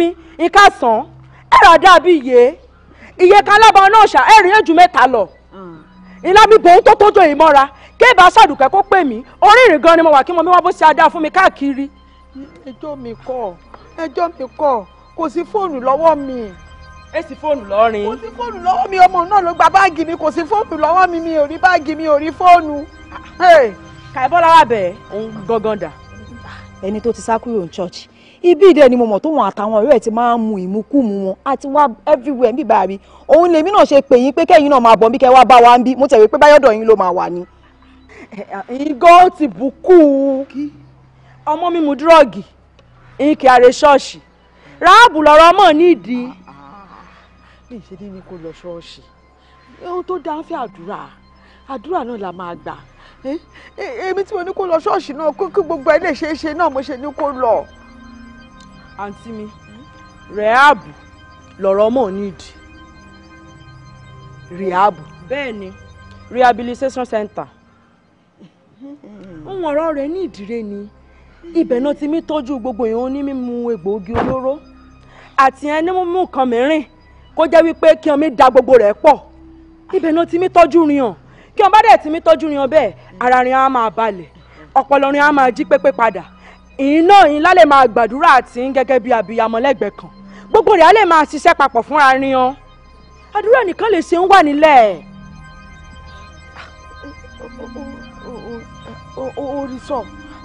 mi nǹkan sàn ẹ̀rọ dàbí iye iye kan lábọn náà ṣá ẹ̀rìn èjù mẹ́ta lọ mm. ìlà mi bòun tó tójú èyí mọ́ra kébà sàdùkẹ́ kó pè mí orí ìrìn gan ni mo wà kí mo mi wá bó ṣe adá fún mi káàkiri. ẹjọ́ mi kọ̀ ẹjọ́ mi kọ̀ kò sí fóònù lọ́wọ́ mi. ẹ sì fóònù lọ́rin. kò sí fóònù lọ́wọ́ mi ọmọ náà ló gba báàgì mi kò sí fóònù lọ́wọ́ mi mi ò rí báàgì mi ò rí fóònù. kàìbọ́lá wà bẹ́ẹ̀ òun gangan dà. ẹni tó ti sá kúrò ní ṣọ́ọ̀ṣì ibi ìdẹ ni mo mọ̀ tó wọn àtàwọn ọ̀rẹ́ ẹ̀ ti máa ń mu ìmukúmu wọn àti wá everywhere níbi báyìí òun lèmi náà ṣe pè yín pé kẹ́yìn náà máa bọ̀ bí kẹ́ wá bá wa ń bí mo tẹ̀wé pé báyọ̀dọ̀ yín ló máa wà ni. ìgò ti bùkú ọmọ mi mu dúrọ́ọ̀gì ìkẹ́ àrè ṣọ́ọ̀ṣì ráàbù lọ́rọ̀ ọmọ nídìí. mi ah, ah, ah. ì ṣe ní ni kò lọ ṣọ́ọ̀ṣì ohun tó dáa fẹ́ àdúrà àdúrà náà la máa gbà eh, eh, èmi tí mo ní kó lọ ṣọ́ọ̀ṣì náà kó gbogbo ẹ lè ṣeé ṣe náà mo ṣe ní kó lọ àǹtí mi rẹ́àbù lọ̀rọ̀ mọ̀ nídìí rẹ́àbù. bẹ́ẹ̀ ni rehabilitation center ohun ọ̀rọ̀ rẹ̀ ní ìdílé ni ibẹ̀ náà ti mí tọ́jú gbogbo èèyàn ní mímu egbòogi olóró àti ẹ ní mímú nǹkan mìíràn kó jẹ́ wípé kí ọmọ mi da gbogbo rẹ̀ pọ̀ ibẹ̀ náà ti mí tọ́jú rìnyàn kí ọmọ bá dẹ̀ ti mí tọ́jú rìnyàn bẹ́ẹ̀ ara rìn á máa balẹ̀ ọpọlọ rìn á máa jí pépé padà ìyìn náà ìyìn lálẹ́ máa gbàdúrà àti ń gẹ́gẹ́ bí abiyamọ lẹ́gbẹ̀ẹ́ kan gbogbo rẹ̀ á lè máa ṣiṣẹ́ papọ̀ fúnra rin wọn àdúrà nìkan lè ṣe ń wà nílẹ̀. orí sọ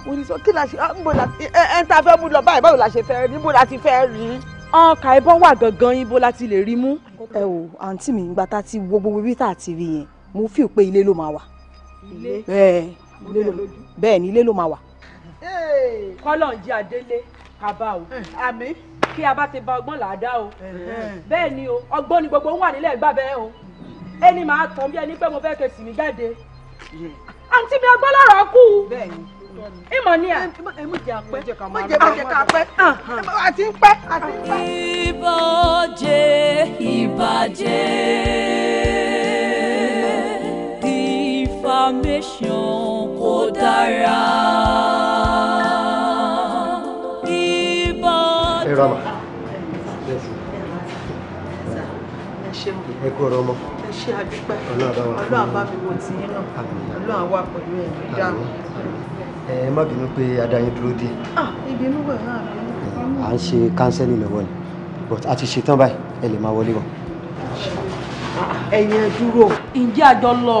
orí sọ kí la ṣe ah, níbo la ẹ ẹ ta fẹ́ mú lọ báyìí báwo la ṣe fẹ́ rí níbo la ti fẹ́ rí. ọkà ìbọn wà gangan ibo la ti lè rí mú. ẹ o àǹtí mi ìgbà tá a ti wo gbogbo ibi tá a ti rí yẹn mo fi pé ilé ló máa wà. ilé bẹ́ẹ̀ ni ilé ló máa wà kọ́lọ̀ ń jí adélé kaba o eh, àmín kí a bá ti ba ọgbọ́n làádá o bẹ́ẹ̀ ni o ọgbọ́n ni gbogbo ń wà nílẹ̀ gbàbẹ́ o ẹni màá tàn bí ẹni pé mo fẹ́ kẹsì mi jáde àǹtí mi ọgbọ́n lọ́rọ̀ kú ìmọ̀ ni à. mo jẹ mo jẹ ká pẹ́ àti ah. ń pẹ́ àti ń ìbàjẹ́ information kò dára. ẹ rà mà ẹ kú ọ̀rọ̀ ọmọ ẹ ṣe àdúpẹ́ ọlọ́run àbá mi wò tí yín náà ọlọ́run àwa pẹ̀lú ẹ̀ ní dáàbò. ẹ má bínú pé adáyín dúró dé. ìbínú wẹ̀ náà bínú. à ń ṣe kánsẹ́lì lọ́wọ́ ni but a ti ṣetán báyìí ẹ lè máa wọlé wọn. ẹ̀yin ẹ dúró. ǹjẹ́ àjọ lọ.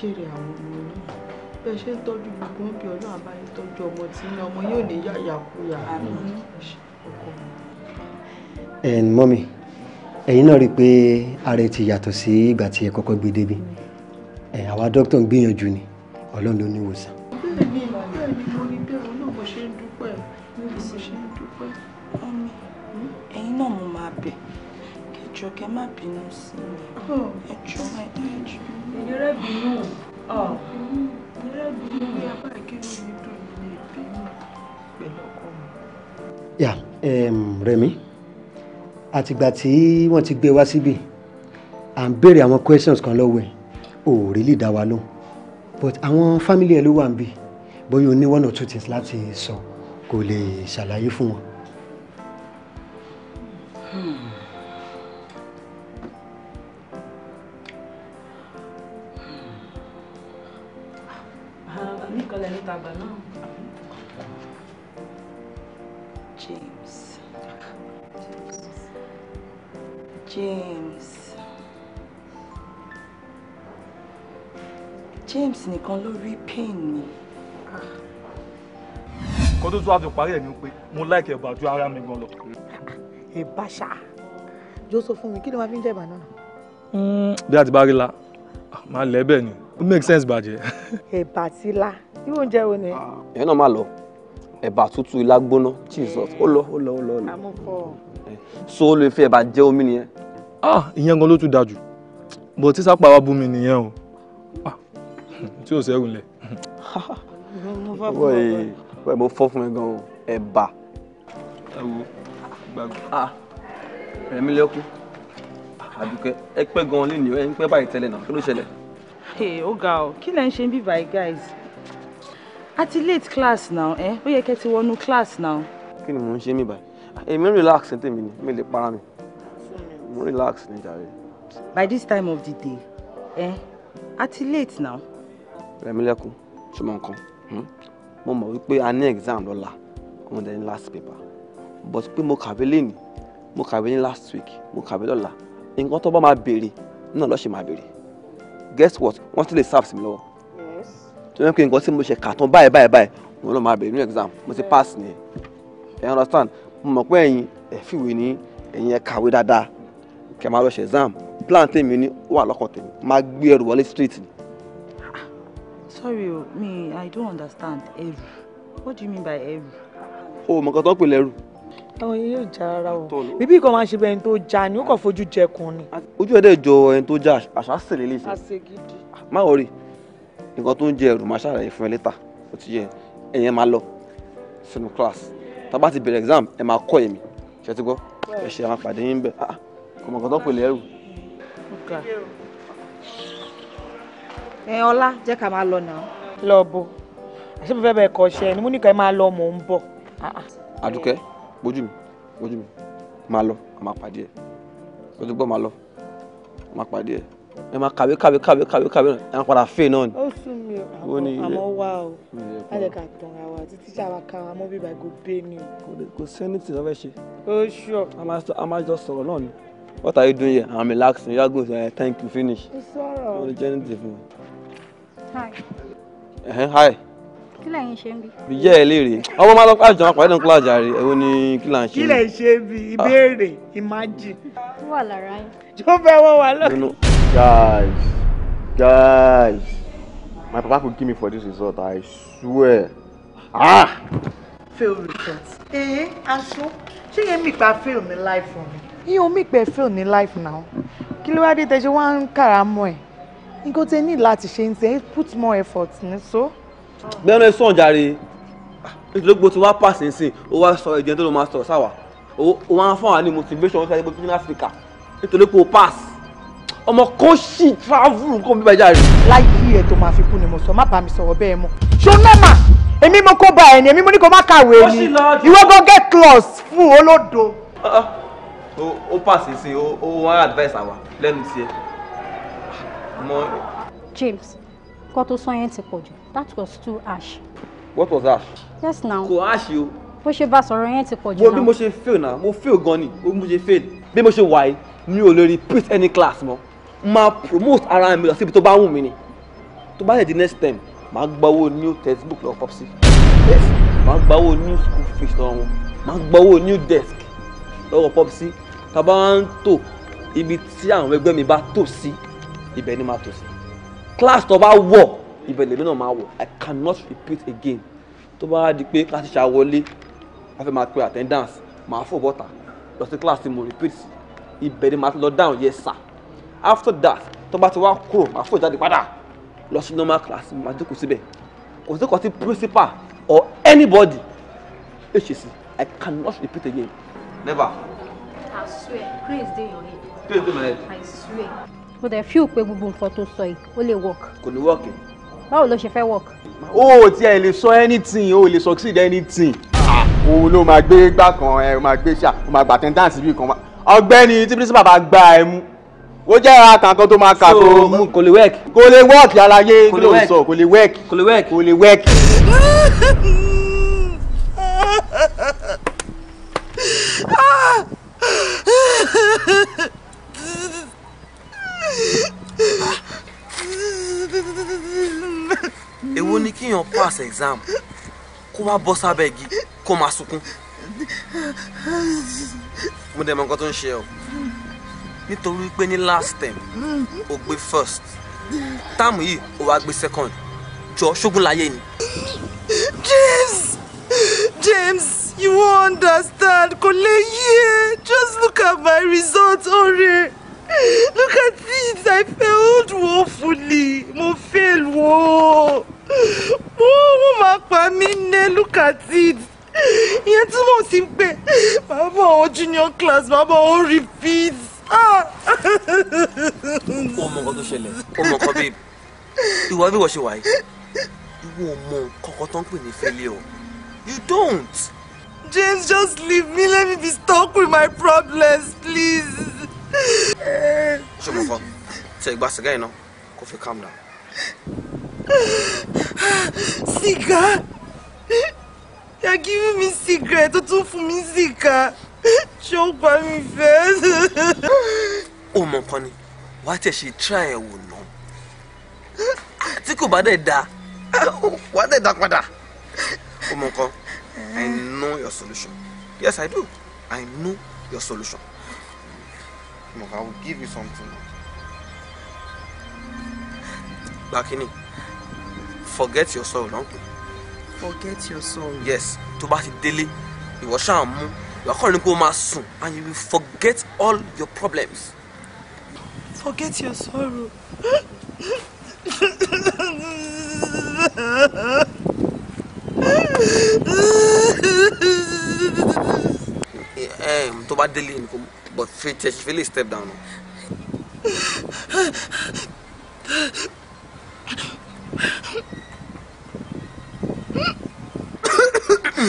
jèrè àwọn ọmọ náà bẹ́ ṣe ń tọ́jú gbogbo ń bí ọlọ́run bá yín tọ́jú ọmọ tí ní ọmọ yóò ní yàyàkuyà ọkọ mi. ẹn mọ́mi ẹ̀yin náà rí i pé ara ti yàtọ̀ sí ìgbà tí ẹ kọ́kọ́ gbé débi àwa dókítà ń gbìyànjú ni ọlọ́run ló ní ìwòsàn. bẹ́ẹ̀ ni bẹ́ẹ̀ ni mo ní bẹ́ẹ̀ náà mo ṣe ń dúpẹ́ mo ṣe ń dúpẹ́. mọ́mi ẹ̀yin náà mo máa bẹ̀ kẹjọ kẹ má bínú sí mi oh. ẹjọ́ ẹjọ́. Nyerebinu. Um, oh. Nyerebinu bí apá ìkíni mi dùn Yà Rẹ̀mí, àtìgbà tí wọ́n ti gbé wá síbí, à ń béèrè àwọn questions kan lọ́wọ́ ẹ̀, ò rí lè dá wa lóhùn. But àwọn family ẹ̀ ló wà ń bí, bóyá o ní one or two things láti sọ, kò lè ṣàlàyé fún wọn. parí ẹ̀ ni pé mo like ẹ̀bà ju ara mi gan lọ. ẹ̀bà ṣá jó fún mi kí ló máa fi ń jẹ náà. Hmm, bí a ti bá rí la ah, máa lẹ́ bẹ́ẹ̀ ni it makes sense bàjẹ́. ẹ̀bà ti la bí oúnjẹ wo ni. ìyẹn náà máa lọ ẹ̀bà tútù ilá gbóná jesus ó lọ ó lọ ó lọ. àmúkọ. so ó lè fi ẹ̀bà jẹ omi nìyẹn. ah ìyẹn gan ló tún dájú bó tí sápá wa bú mi nìyẹn o ah, tí ò sẹ́rù lẹ̀. mo fẹ́ fún ọ bẹ́ẹ̀ mo fọ́ fún mi gan o ẹ̀bà. ẹ wo gbàgbọ́ rẹ̀mí lẹ́kú àdùkẹ́ ẹ pẹ́ gan-an lé ní ẹ ń pẹ́ báyìí tẹ́lẹ̀ náà kí ló ṣẹlẹ̀. ó ga ọ kí lẹ ń ṣe bí báyìí guys àti late class now ẹ ó yẹ kẹ́ ti wọnú class now. kí ni mò ń ṣe mí báyìí èmi relax ní tèmi ni mi lè para mi mo relax ní jàre. by this time of the day ẹ àti late now. rẹ̀mí lẹ́kú ṣe mọ nǹkan hmm? mo mọ̀ wípé a ní exam lọ́la ọmọ dẹni last paper but pé mo kàwé lénìí mo kàwé ní last week mo kàwé lọ́la nǹkan tó bá máa béèrè náà lọ́ọ́ ṣe máa béèrè guess what wọ́n ti lè serve sí mi lọ́wọ́ tí wọ́n pe nǹkan tí mo ṣe kà tán báyìí báyìí báyìí mo lọ́ọ́ máa béèrè ní exam mo ti pass nìyẹn ẹ understand mo mọ̀ pé ẹ̀yin ẹ̀ fìwé ní ẹ̀yin ẹ̀ kàwé dáadáa kẹ̀ máa lọ ṣe exam plan tèmi ní wà lọ́kàn tèmi máa gbé ẹrù wọlé street ni sorry o mi i don't understand ẹrù what do you mean by ẹrù. o mọ̀ kàn tó ń pè lẹ́rù. àwọn yìí yóò já rárá o bíbí kan máa ṣe bẹ́ẹ̀ ni tó já ni ó kàn fojú jẹkun ni. ojú ẹ̀dẹ̀ jọ ẹni tó já àṣà sì lè ṣe. àṣe gidi. má wọ nǹkan tó ń jẹ ẹrù máa ṣàlàyé fún ẹ lẹ́tà ó ti yẹ ẹ̀yẹn máa lọ sínú class tá a bá ti bẹ̀rẹ̀ exam ẹ máa kọ́ èmi ṣe ti gbọ́ ẹ ṣe àwọn àpàdé yín bẹ̀ ah, kò mọ̀ kàn tó pè lẹ́rù ẹ ọlá jẹ́ ká máa lọ nà. lọ bo àṣé mo fẹ́ bẹ̀ kọ́ ṣe ni mo ní ká ẹ máa lọ mò ń bọ̀. Ah, ah. àdùkẹ́ bójú mi bójú mi máa lọ a máa pàdé ẹ lójú gbọ́ máa lọ a máa pàdé ẹ ẹ máa kàwé kàwé kàwé kàwé kàwé ẹ máa padà fè náà ni. ó sún mi o àmọ́ wá o a lè ka tàn ra wa títí tí àwa ká àmọ́ bíbá kò bẹ́ẹ̀ ni. kò sí ẹni tí wọ́n fẹ́ ṣe. ó ṣọ. a máa jọ sọ̀rọ̀ náà ni. what are you doing here i'm relaxing you are good thank you finish. ó sọ̀rọ̀. ó jẹ́ ní ti fún mi. Hi. Ẹ̀hẹ́n, hi. Kí lẹ̀yin ṣe ń bi? Bí jẹ́ ẹ léèrè. Ọmọ máa lọ pàjọ́ àpàdé náà kíláàjà rẹ̀, èwo ni kí là ń ṣe? Kí lẹ̀ ṣe bí ìbéèrè ìmájì? Ó wà lára yín. Jó fẹ́ wọ́n wà lọ. Guys, guys, my papa go kill me for this result, I swear. Ah! Fail result. Ee, eh, aṣọ, ṣé yẹn mi pa fail ní life fún mi? Yíyan mi pẹ̀ fail ní life now. Kí ló wá dé tẹ ṣe wá ń kàrà mọ́ ẹ̀? nǹkan tẹ ní láti ṣe ń put more effort ní so. gbẹ́nu ẹ sàn jàre nítorí gbogbo tí wàá pàṣẹ sí o wá sọ ìjẹun tó lọ máa sọ̀rọ̀ sáwà o wá fún wa ní motivation ọ̀sẹ̀ ìgbésí ní Africa nítorí pé o pass ọmọ kò sí travel nǹkan bíbá jàre. láyé ẹ tó máa fi kú ni mo sọ má bàa mi sọ̀rọ̀ bẹ́ẹ̀ mọ́ ṣó nọ́mà èmi mo kó ba ẹni èmi mo ní kó má kàwé ni ìwọ gan get close fún olódo. o ah, ah. pass sí o wá advice àwa lẹ́nu tiẹ̀ mọ. James nǹkan tó sọ yẹn ti pọ̀ jù that was too harsh. what was harsh. yes now. kò harsh o. bó ṣe bá sọ̀rọ̀ yẹn ti pọ̀ jù náà. mo bí mo ṣe fail na mo fail gan ni mo mo ṣe fail bí mo ṣe wà yìí mi ò lè repeat any class mọ́ Ma promote ara mi lọ síbi tó bá wù mí ni tó bá lè di next time Ma gbawó new textbook lọ pop Yes. Ma gbawó new school fees lọ wọn Ma gbawó new desk lọ́wọ́ pop sí tá a bá ń tò ibi tí àwọn ẹgbẹ́ mi bá tò sí. Si ibẹ̀ ni máa tò sí class tó bá wọ̀ ibẹ̀ lèmi náà máa wọ̀ i cannot repeat again tó bá di pé class ṣá wọlé a fẹ́ máa pe attendance máa fò bọ́ta lọ sí class tí mo repeat sí ibẹ̀ ni máa lọ down yes sir after that tó bá ti wá kúrò máa fò jáde padà lọ sí normal class Ma jókòó síbẹ̀ kò sí kan tí principal or anybody lè ṣe sí i cannot repeat again never. I swear, praise dey your head. Praise dey my head. I swear mo dẹ̀ fíù pé gbogbo nǹkan tó sọ yìí ó lè work. kò ní work. báwo ló ṣe fẹ́ work. o ò tiẹ̀ lè sọ anything o ò lè succeed anything. Ah, òun ló máa gbé gbà kan ẹ máa gbé ṣá o máa gbà tẹ́ńtáǹsì bí kan ọgbẹ́ni tí principal bá gba ẹ mú ó jẹ́ ara kan kan tó máa kà tó mú mm, kò lè work. kò lè work aláyé kí ló ń sọ kò lè work. kò lè work. kò lè work. Ah! èwo ni kíyàn pass exam kó wá bọ́ sábẹ́ igi kó máa sunkún mo dẹ̀ mọ nǹkan tó ń ṣe ọ́ nítorí pé ní last term o gbé first táàmù yìí o wá gbé second jọ ṣógun láyé ni. James James you won't understand kò lè yé just look at my result ọ̀rẹ́. Oh, Look at this! I failed woefully. Mo fail wo. Mo mo máa pa mí ní look at it. Ìyẹn túmọ̀ sí pé màá bọ̀ àwọn junior class màá bọ̀ àwọn repeat. O ah. mọ nǹkan tó ṣẹlẹ̀, o mọ nǹkan babe. Ìwà bí wọ́n ṣe wà yìí. Ìwọ mọ kọ̀kọ́ tó ń pè ní failure o. You don't. James, just leave me. Let me be stuck with my problems, please. Shomoko, take back again, no? Kofi, calm down. Sika! You're giving me cigarette, to tún for me, sika. Show me first. Oh, O mọ̀ kan ni, wàá tẹ̀ ṣe try ẹ̀ wò ná. Tí kò bá da, wàá dẹ̀ da padà. O mọ̀ kan, I know your solution. Yes, I do. I know your solution. Look, I will give you something. Bakini, forget your soul, don't Forget your soul. Yes, tó bá ti délé, ìwọ ṣáà mú, ìwà kọ́ni kó máa soon, and you will forget all your problems. Forget your sorrow. Eh, tó bá délé ni kò mú but Philly stepped down.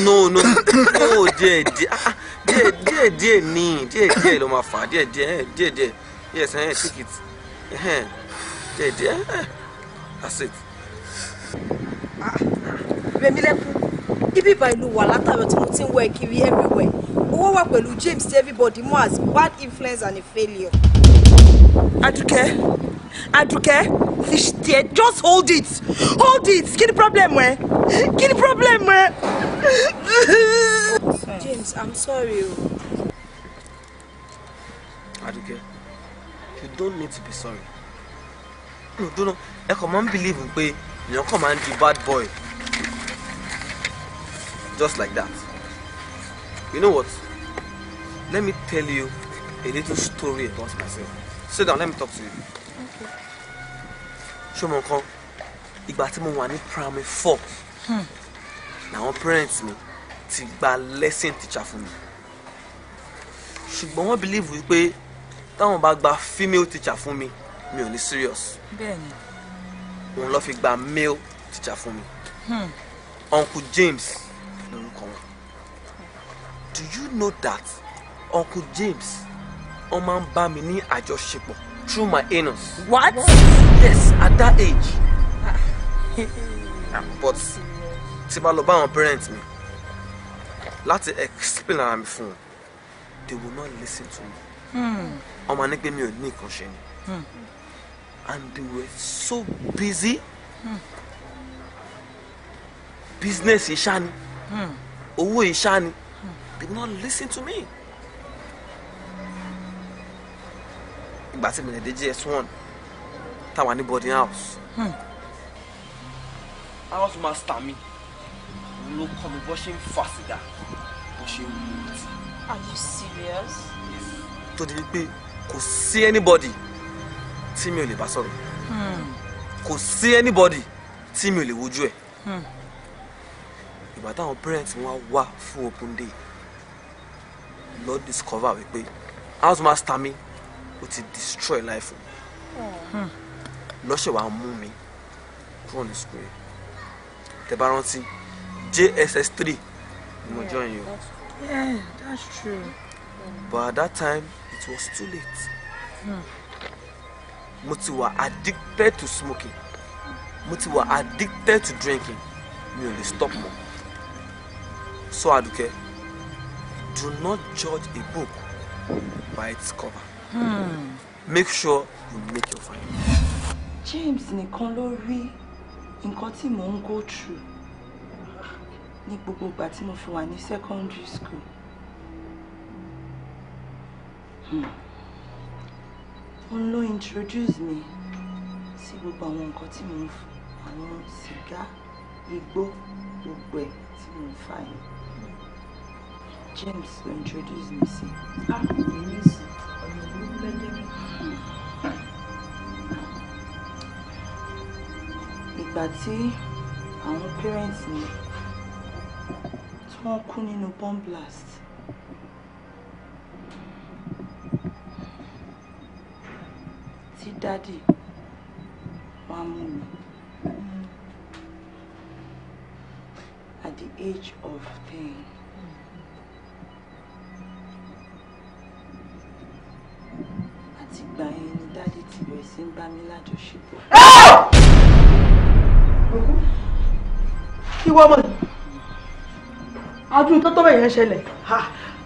no no no oh, díẹ̀ díẹ̀ ah, ah. díẹ̀ díẹ̀ díẹ̀ ni díẹ̀ díẹ̀ ló máa fà díẹ̀ eh, díẹ̀ díẹ̀ yes I eh, take it eh, eh. díẹ̀ that's it. Ah, Rẹ̀mílẹ́kùn ibi ìbá ìlú wà látàrí tí mo ti ń wẹ̀ kiri everywhere owó wà pẹ̀lú James tí everybody mọ̀ as bad influence and a failure. Adúkẹ́ Adúkẹ́ ti just hold it hold it kí ni problem ẹ kí ni problem ẹ. James I'm sorry o. Adúkẹ́ you don't need to be sorry. No, don't know. Ẹ kàn máa ń believe pé èèyàn kàn máa ń di bad boy just like that. You know what? Let me tell you a little story about myself. Sit down, let me talk to you. Okay. Ṣé mo nǹkan? Ìgbà tí mo wà ní primary four. Hmm. Làwọn parents mi ti gba lesson teacher fún mi. Ṣùgbọ́n wọ́n believe wípé táwọn bá gba female teacher fún mi, mi ò ní serious. Bẹ́ẹ̀ni. Wọ́n lọ fi gba male teacher fún mi. Hmm. Uncle James lórúkọ wọn. Do you know that? uncle james wọn máa ń bá mi ní àjọṣepọ̀ through my anus. what. yes at that age. Ah, but tí bá lọ bá àwọn parents mi láti explain ara mi fún wọn they will not listen to me. Hmm. ọmọ ní pé mi ò ní nǹkan ṣe ni. Hmm. and they were so busy. Mm. business ìṣá ni. Hmm. owó ìṣá ni. they will not listen to me. Mm. ìgbà tí mi lè dé js táwa ní boarding house. house hmm. master mi ló kọ́ mi bó ṣe ń fà sìgá bó ṣe ń mú ti. are you serious. tó di wípé kò sí anybody tí mi ò lè bá sọ̀rọ̀ hmm. kò sí anybody tí mi ò lè wojú ẹ̀ hmm. ìgbà táwọn parents wọn wá fún open day lọ discover wípé house master mi ó ti destroy life mi hmm. lọ́sẹ̀ wàá mú mi kúrò ní sukùl yẹn tẹ́ bá rántí JSS three ni mo join yìí yeah that's true. but at that time it was too late. Hmm. mo ti wà addicted to smoking mo ti wà addicted to drinking mi ò lè stop mọ́ so Aduke do not judge a book by its cover. Hmm. Make sure you make your find. James nìkan ló rí nǹkan tí mò ń go through ní gbogbo ìgbà tí mo fi wà ní secondary school. Hmm. Òun ló introduce me. sí gbogbo àwọn nǹkan tí mò ń fún àwọn sìgá igbó gbogbo ẹ̀ tí mò ń fà yìí. James ló introduce me sí. Ah, èyí sì. Benjamin. Ìgbà tí àwọn parents mi tí wọ́n kú nínú bomb blast. Tí dádì wá mú mi. At the age of ten. ti ń bá mi lájọṣepọ̀. kí wọ́n mọ̀ adúlù tó tọ́bẹ̀ yẹn ṣẹlẹ̀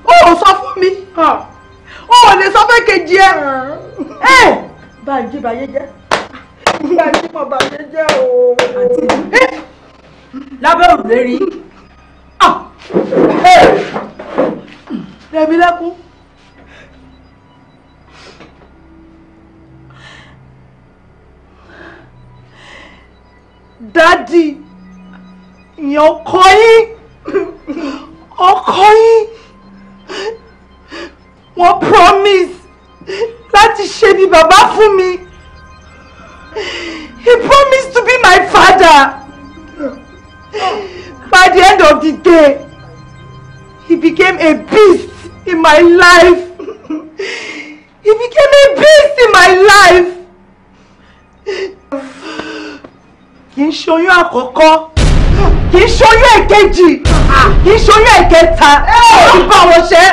ó ò sọ fún mi ó ò lè sọ fẹ́ kejì ẹ báyìí báyé jẹ́ báyìí mọ̀ báyé jẹ́ o. lábẹ́ òrùlé rí. Ah! rẹ̀mí lẹ́kún. dádì ìyẹn ọkọ yín ọkọ yín wọ́n promise láti ṣe bí bàbá fún mi he promised to be my father by the end of the day he became a beast in my life he became a beast in my life kì í ṣoyún àkọ́kọ́ kì í ṣoyún èkejì kì í ṣoyún èkẹta ó ti bá wọn ṣe.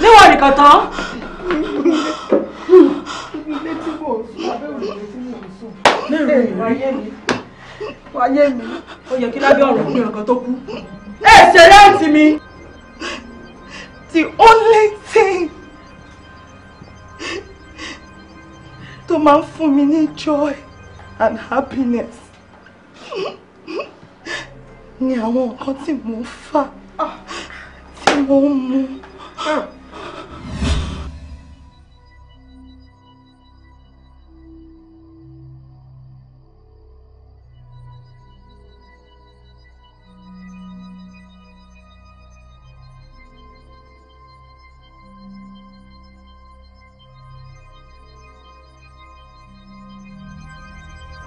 níwọ̀n nìkan tán. ilé tí mò ń sùn abẹ́ òrùlé tí mò ń sùn. wáyé mi wáyé mi ó yẹ kí lábẹ́ ọ̀rọ̀ pé ọ̀kan tó kú. ẹ ṣe láǹtì mi. The only thing To máa ń fún mi joy and happiness ni àwọn nǹkan tí mò ń fà tí mu. Ah.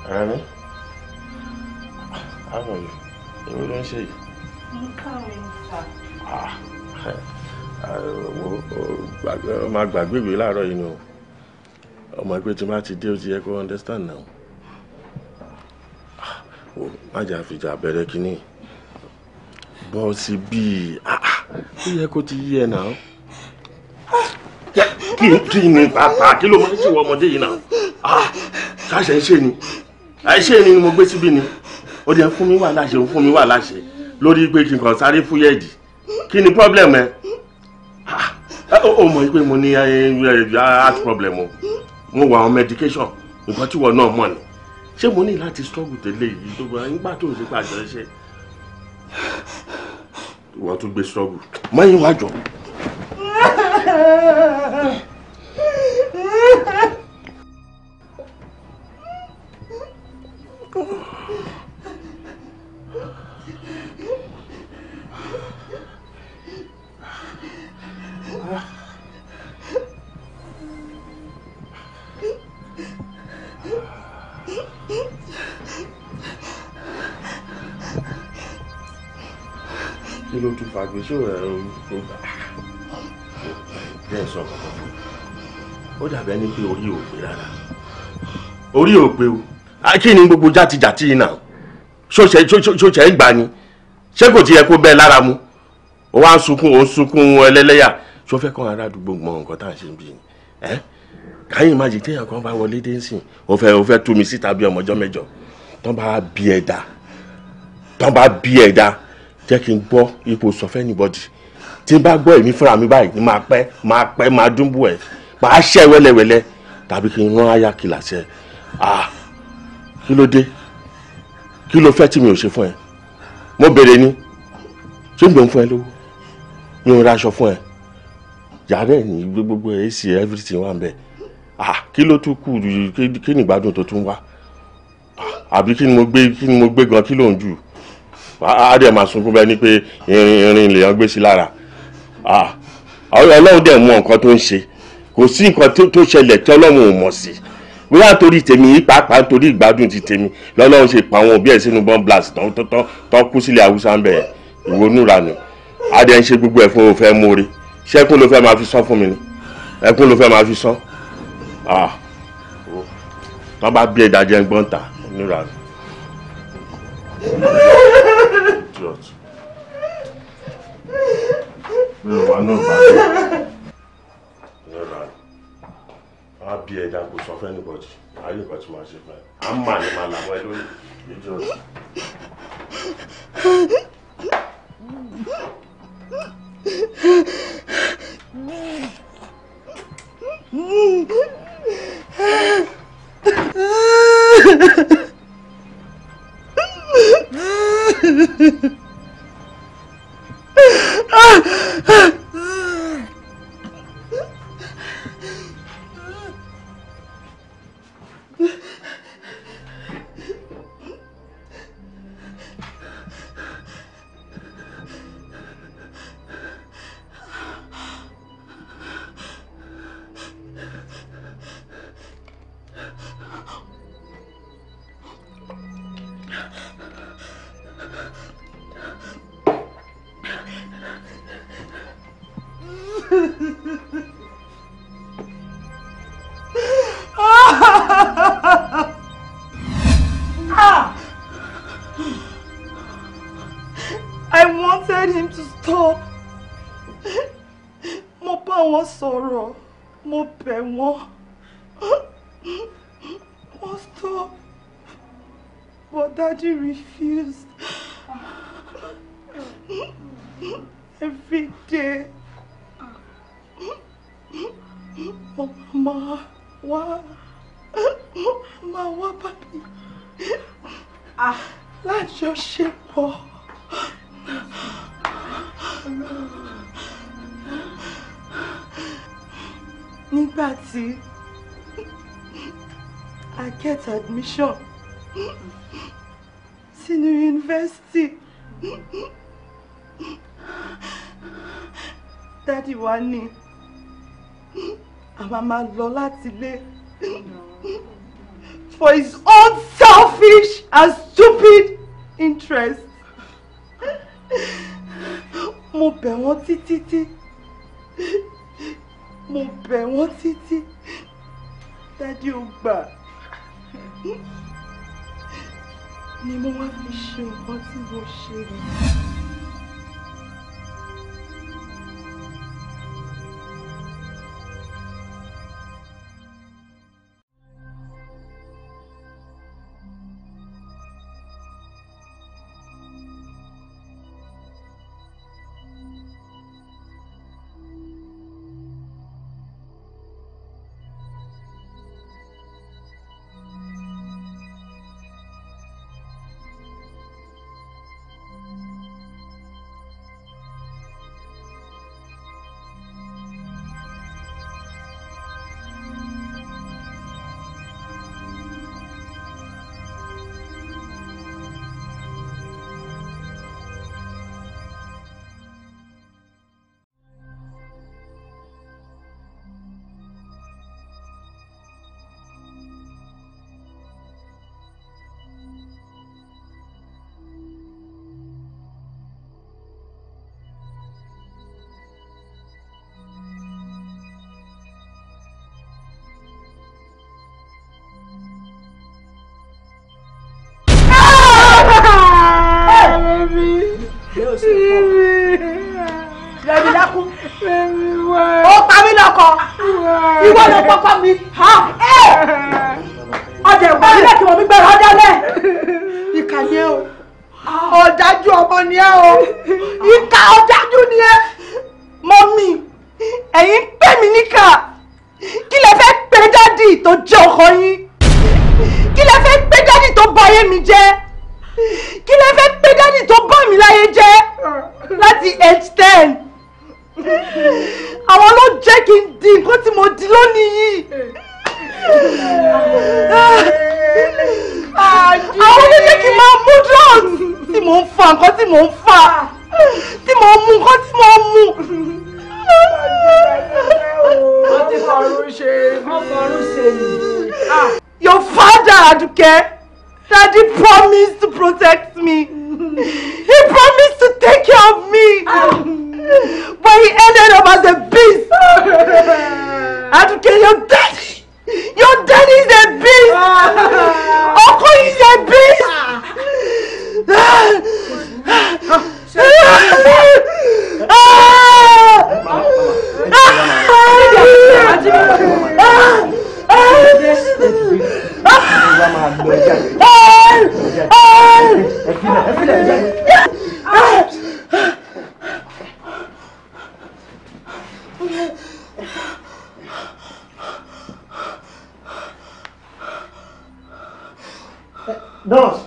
Rami, how ah, are you? Èmi ló ń ṣe yìí. Mo káre sà. Ó máa gbàgbé ìwé láàárọ̀ yìí ni o. Ọmọ ẹgbẹ́ tí máa ti dé ó ti yẹ kó understand now. Ah, o má jà fìjà bẹ̀rẹ̀ kínní. Bọ́ọ̀sì bíi ah, ó yẹ kó ti yé ẹ náà kí ni bàbá kí ló máa ń ṣèwọ ọmọdé yìí náà ṣáṣẹ ń ṣe ni àìṣe ni mo gbé síbí ni ó jẹ́ fún mi wà láṣẹ ó fún mi wà láṣẹ lórí pé kí n kàn sáré fúyẹ́ ìdì kí ni problem ẹ ó ah, mọ̀ pé mo ní heart problem o mo wà on medication nǹkan tí wọ́n náà mọ̀ ni ṣé mo ní láti struggle tẹ́lẹ̀ yìí tó gbọ́dọ̀ nígbà tó ń ṣe pàjọ́ ṣe wọ́n tún gbé struggle mọ́yìn wájọ́. ṣé òun ẹ̀rọ sọ kankan fún ó dàbí ẹni pé orí ò rárá orí ò o kí ni gbogbo játijàti yìí náà ṣòṣẹ́ ìgbà ni ṣé kò tiẹ̀ kó bẹ́ẹ̀ lára mu ó wá ń sunkún ó ń sunkún ẹlẹ́lẹ́yà ṣó fẹ́ ará àdúgbò mọ nǹkan tá à ń ṣe bí ẹ́ káyìn má jẹ téèyàn kan bá wọlé dé sìn ó fẹ́ ó fẹ́ tú síta bí ọmọ ọjọ́ tán bá bí ẹ̀dá tán bá bí ẹ̀dá jẹ́ kí n gbọ́ ipò sọ fẹ́ anybody tí n bá gbọ́ èmi fúnra mi báyìí ni máa pẹ́ máa pẹ́ máa dúnbù ẹ̀ máa ṣẹ́ wẹ́lẹ́wẹ́lẹ́ tàbí kí n rán aya kìlà ṣe ah kí ló dé kí ló fẹ́ tí mi ò ṣe fún ẹ mo béèrè ni ṣé mi ò ń fún ẹ lówó mi ò ń raṣọ fún ẹ yàrá ẹ̀ ní gbogbo ẹ̀ sì everything wà ń bẹ̀ ah kí ló tún kù kí ni ìgbádùn tó tún wá àbí kí ni mo gbé kí ni mo gbé gan kí ló ń jù á dẹ̀ máa sunkún bẹ́ẹ̀ ni pé irin irin lèèyàn gbé sí lára ọlọ́run dẹ̀ mú nǹkan tó ń ṣe kò sí nǹkan tó ṣẹlẹ̀ tí ọlọ́run ò mọ̀ sí bóyá torí tèmi yìí pàápàá torí ìgbádùn ti tèmi lọ́lọ́run ṣe pa àwọn òbí ẹ̀ sínú bomb blast tán tán tán kú sílẹ̀ haúsá ń bẹ̀ ìwonúranù á dẹ̀ ń ṣe gbogbo ẹ̀ fún òfẹ́ mórí ṣẹ́kùn ló fẹ́ máa fi sọ fún mi ni ẹkún ló fẹ́ máa fi sọ tán bá bí ẹ̀dá jẹ́ ń gbọ́n ta níranù idiot mi ò wá náà bá mi nira wá bí ẹ̀dá kò sọ fẹ́ anybody ayé nǹkan tí wọ́n ṣe fún ẹ à ń mà ní màá làwọn ẹ lórí idiot. Mm-hmm. Ah! ah. sọ̀rọ̀ mo bẹ̀ wọ́n. máa lọ láti ilé for his own selfish and stupid interest. mo bẹ̀ wọ́n títí tí mo bẹ̀ wọ́n títí dádì ò gbà ni mo wá fi ṣe nǹkan tí mo ṣe yìí. ọ̀dájú ọmọ ni ẹ o ìka ọ̀dájú ni ẹ mọ́mì ẹ̀yin pè mí níkà kí lẹ fẹ́ pè dádì tó jẹ́ ọkọ yín kí lẹ fẹ́ pè dádì tó bà ayé mi jẹ́ kí lẹ fẹ́ pè dádì tó bà mí láyé jẹ́ láti age ten àwọn ló jẹ́ kí n di nǹkan tí mo di lónìí yìí àwọn oníṣẹ́ kì í máa mú drugs tí mò ń fa nǹkan tí mò ń fa tí mò ń mú nǹkan tí mò ń mú. wọ́n ti fọrún ṣe wọ́n fọrún ṣe yìí. Ah. Your father Aduke daddy promised to protect me he promised to take care of me but he ended up as a beast Aduke your daddy. Your dad is a beast. Ah. Uncle is a beast. Yeah. dos,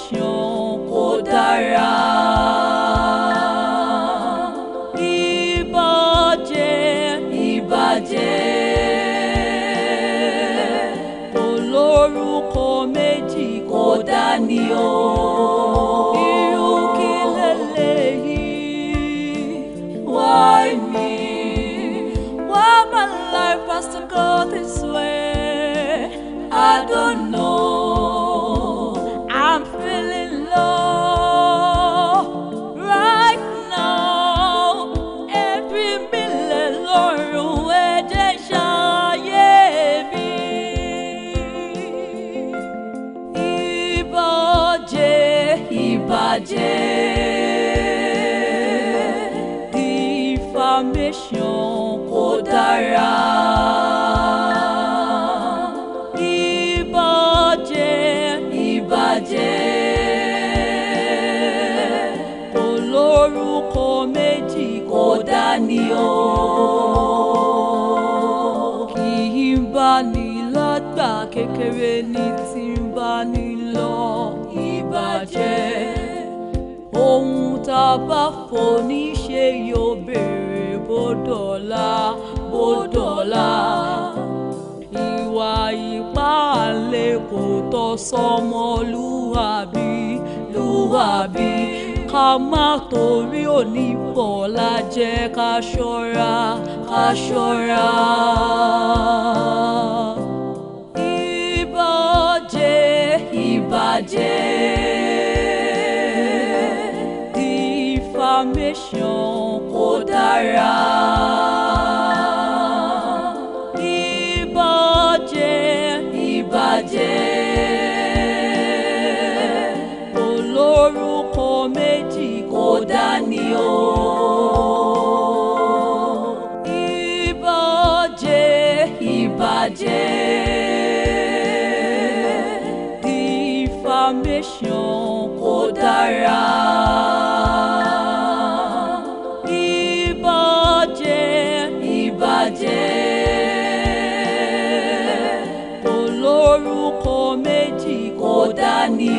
ṣeun why me why my life has to go this way I don't know. kékeré ní tí ń bá ní lọ ìbàjẹ́ ohun tá a bá fò ní ṣe yóò béèrè bó dọ̀la bó dọ̀la ìwà ipá kò tọ́ sọmọ lúwàbí lúwàbí ká má torí òní jẹ́ ká ṣọ́ra ká ṣọ́ra. jẹ́ defamation kò dára.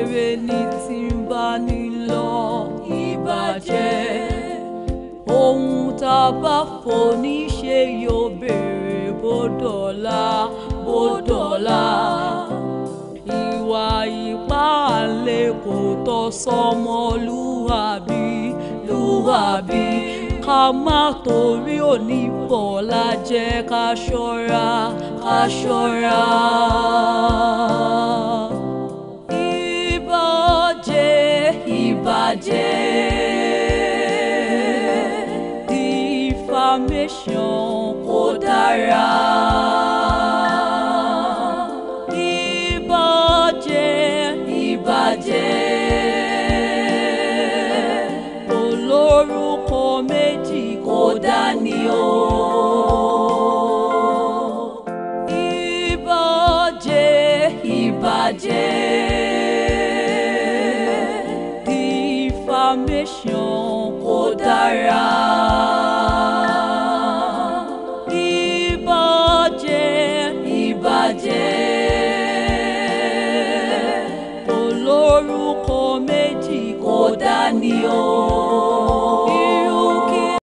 rere ni tí ń bá ní lọ ìbàjẹ́ ohun tá a bá fò ní ṣe yóò béèrè bó dọ̀la bó dọ̀la ìwà ipá àlè kò tọ́ sọmọ lúwàbí lúwàbí ká má torí òní bọ̀ la jẹ́ ká ṣọ́ra ká ṣọ́ra. jẹ́ defamation kò dára. 儿啊。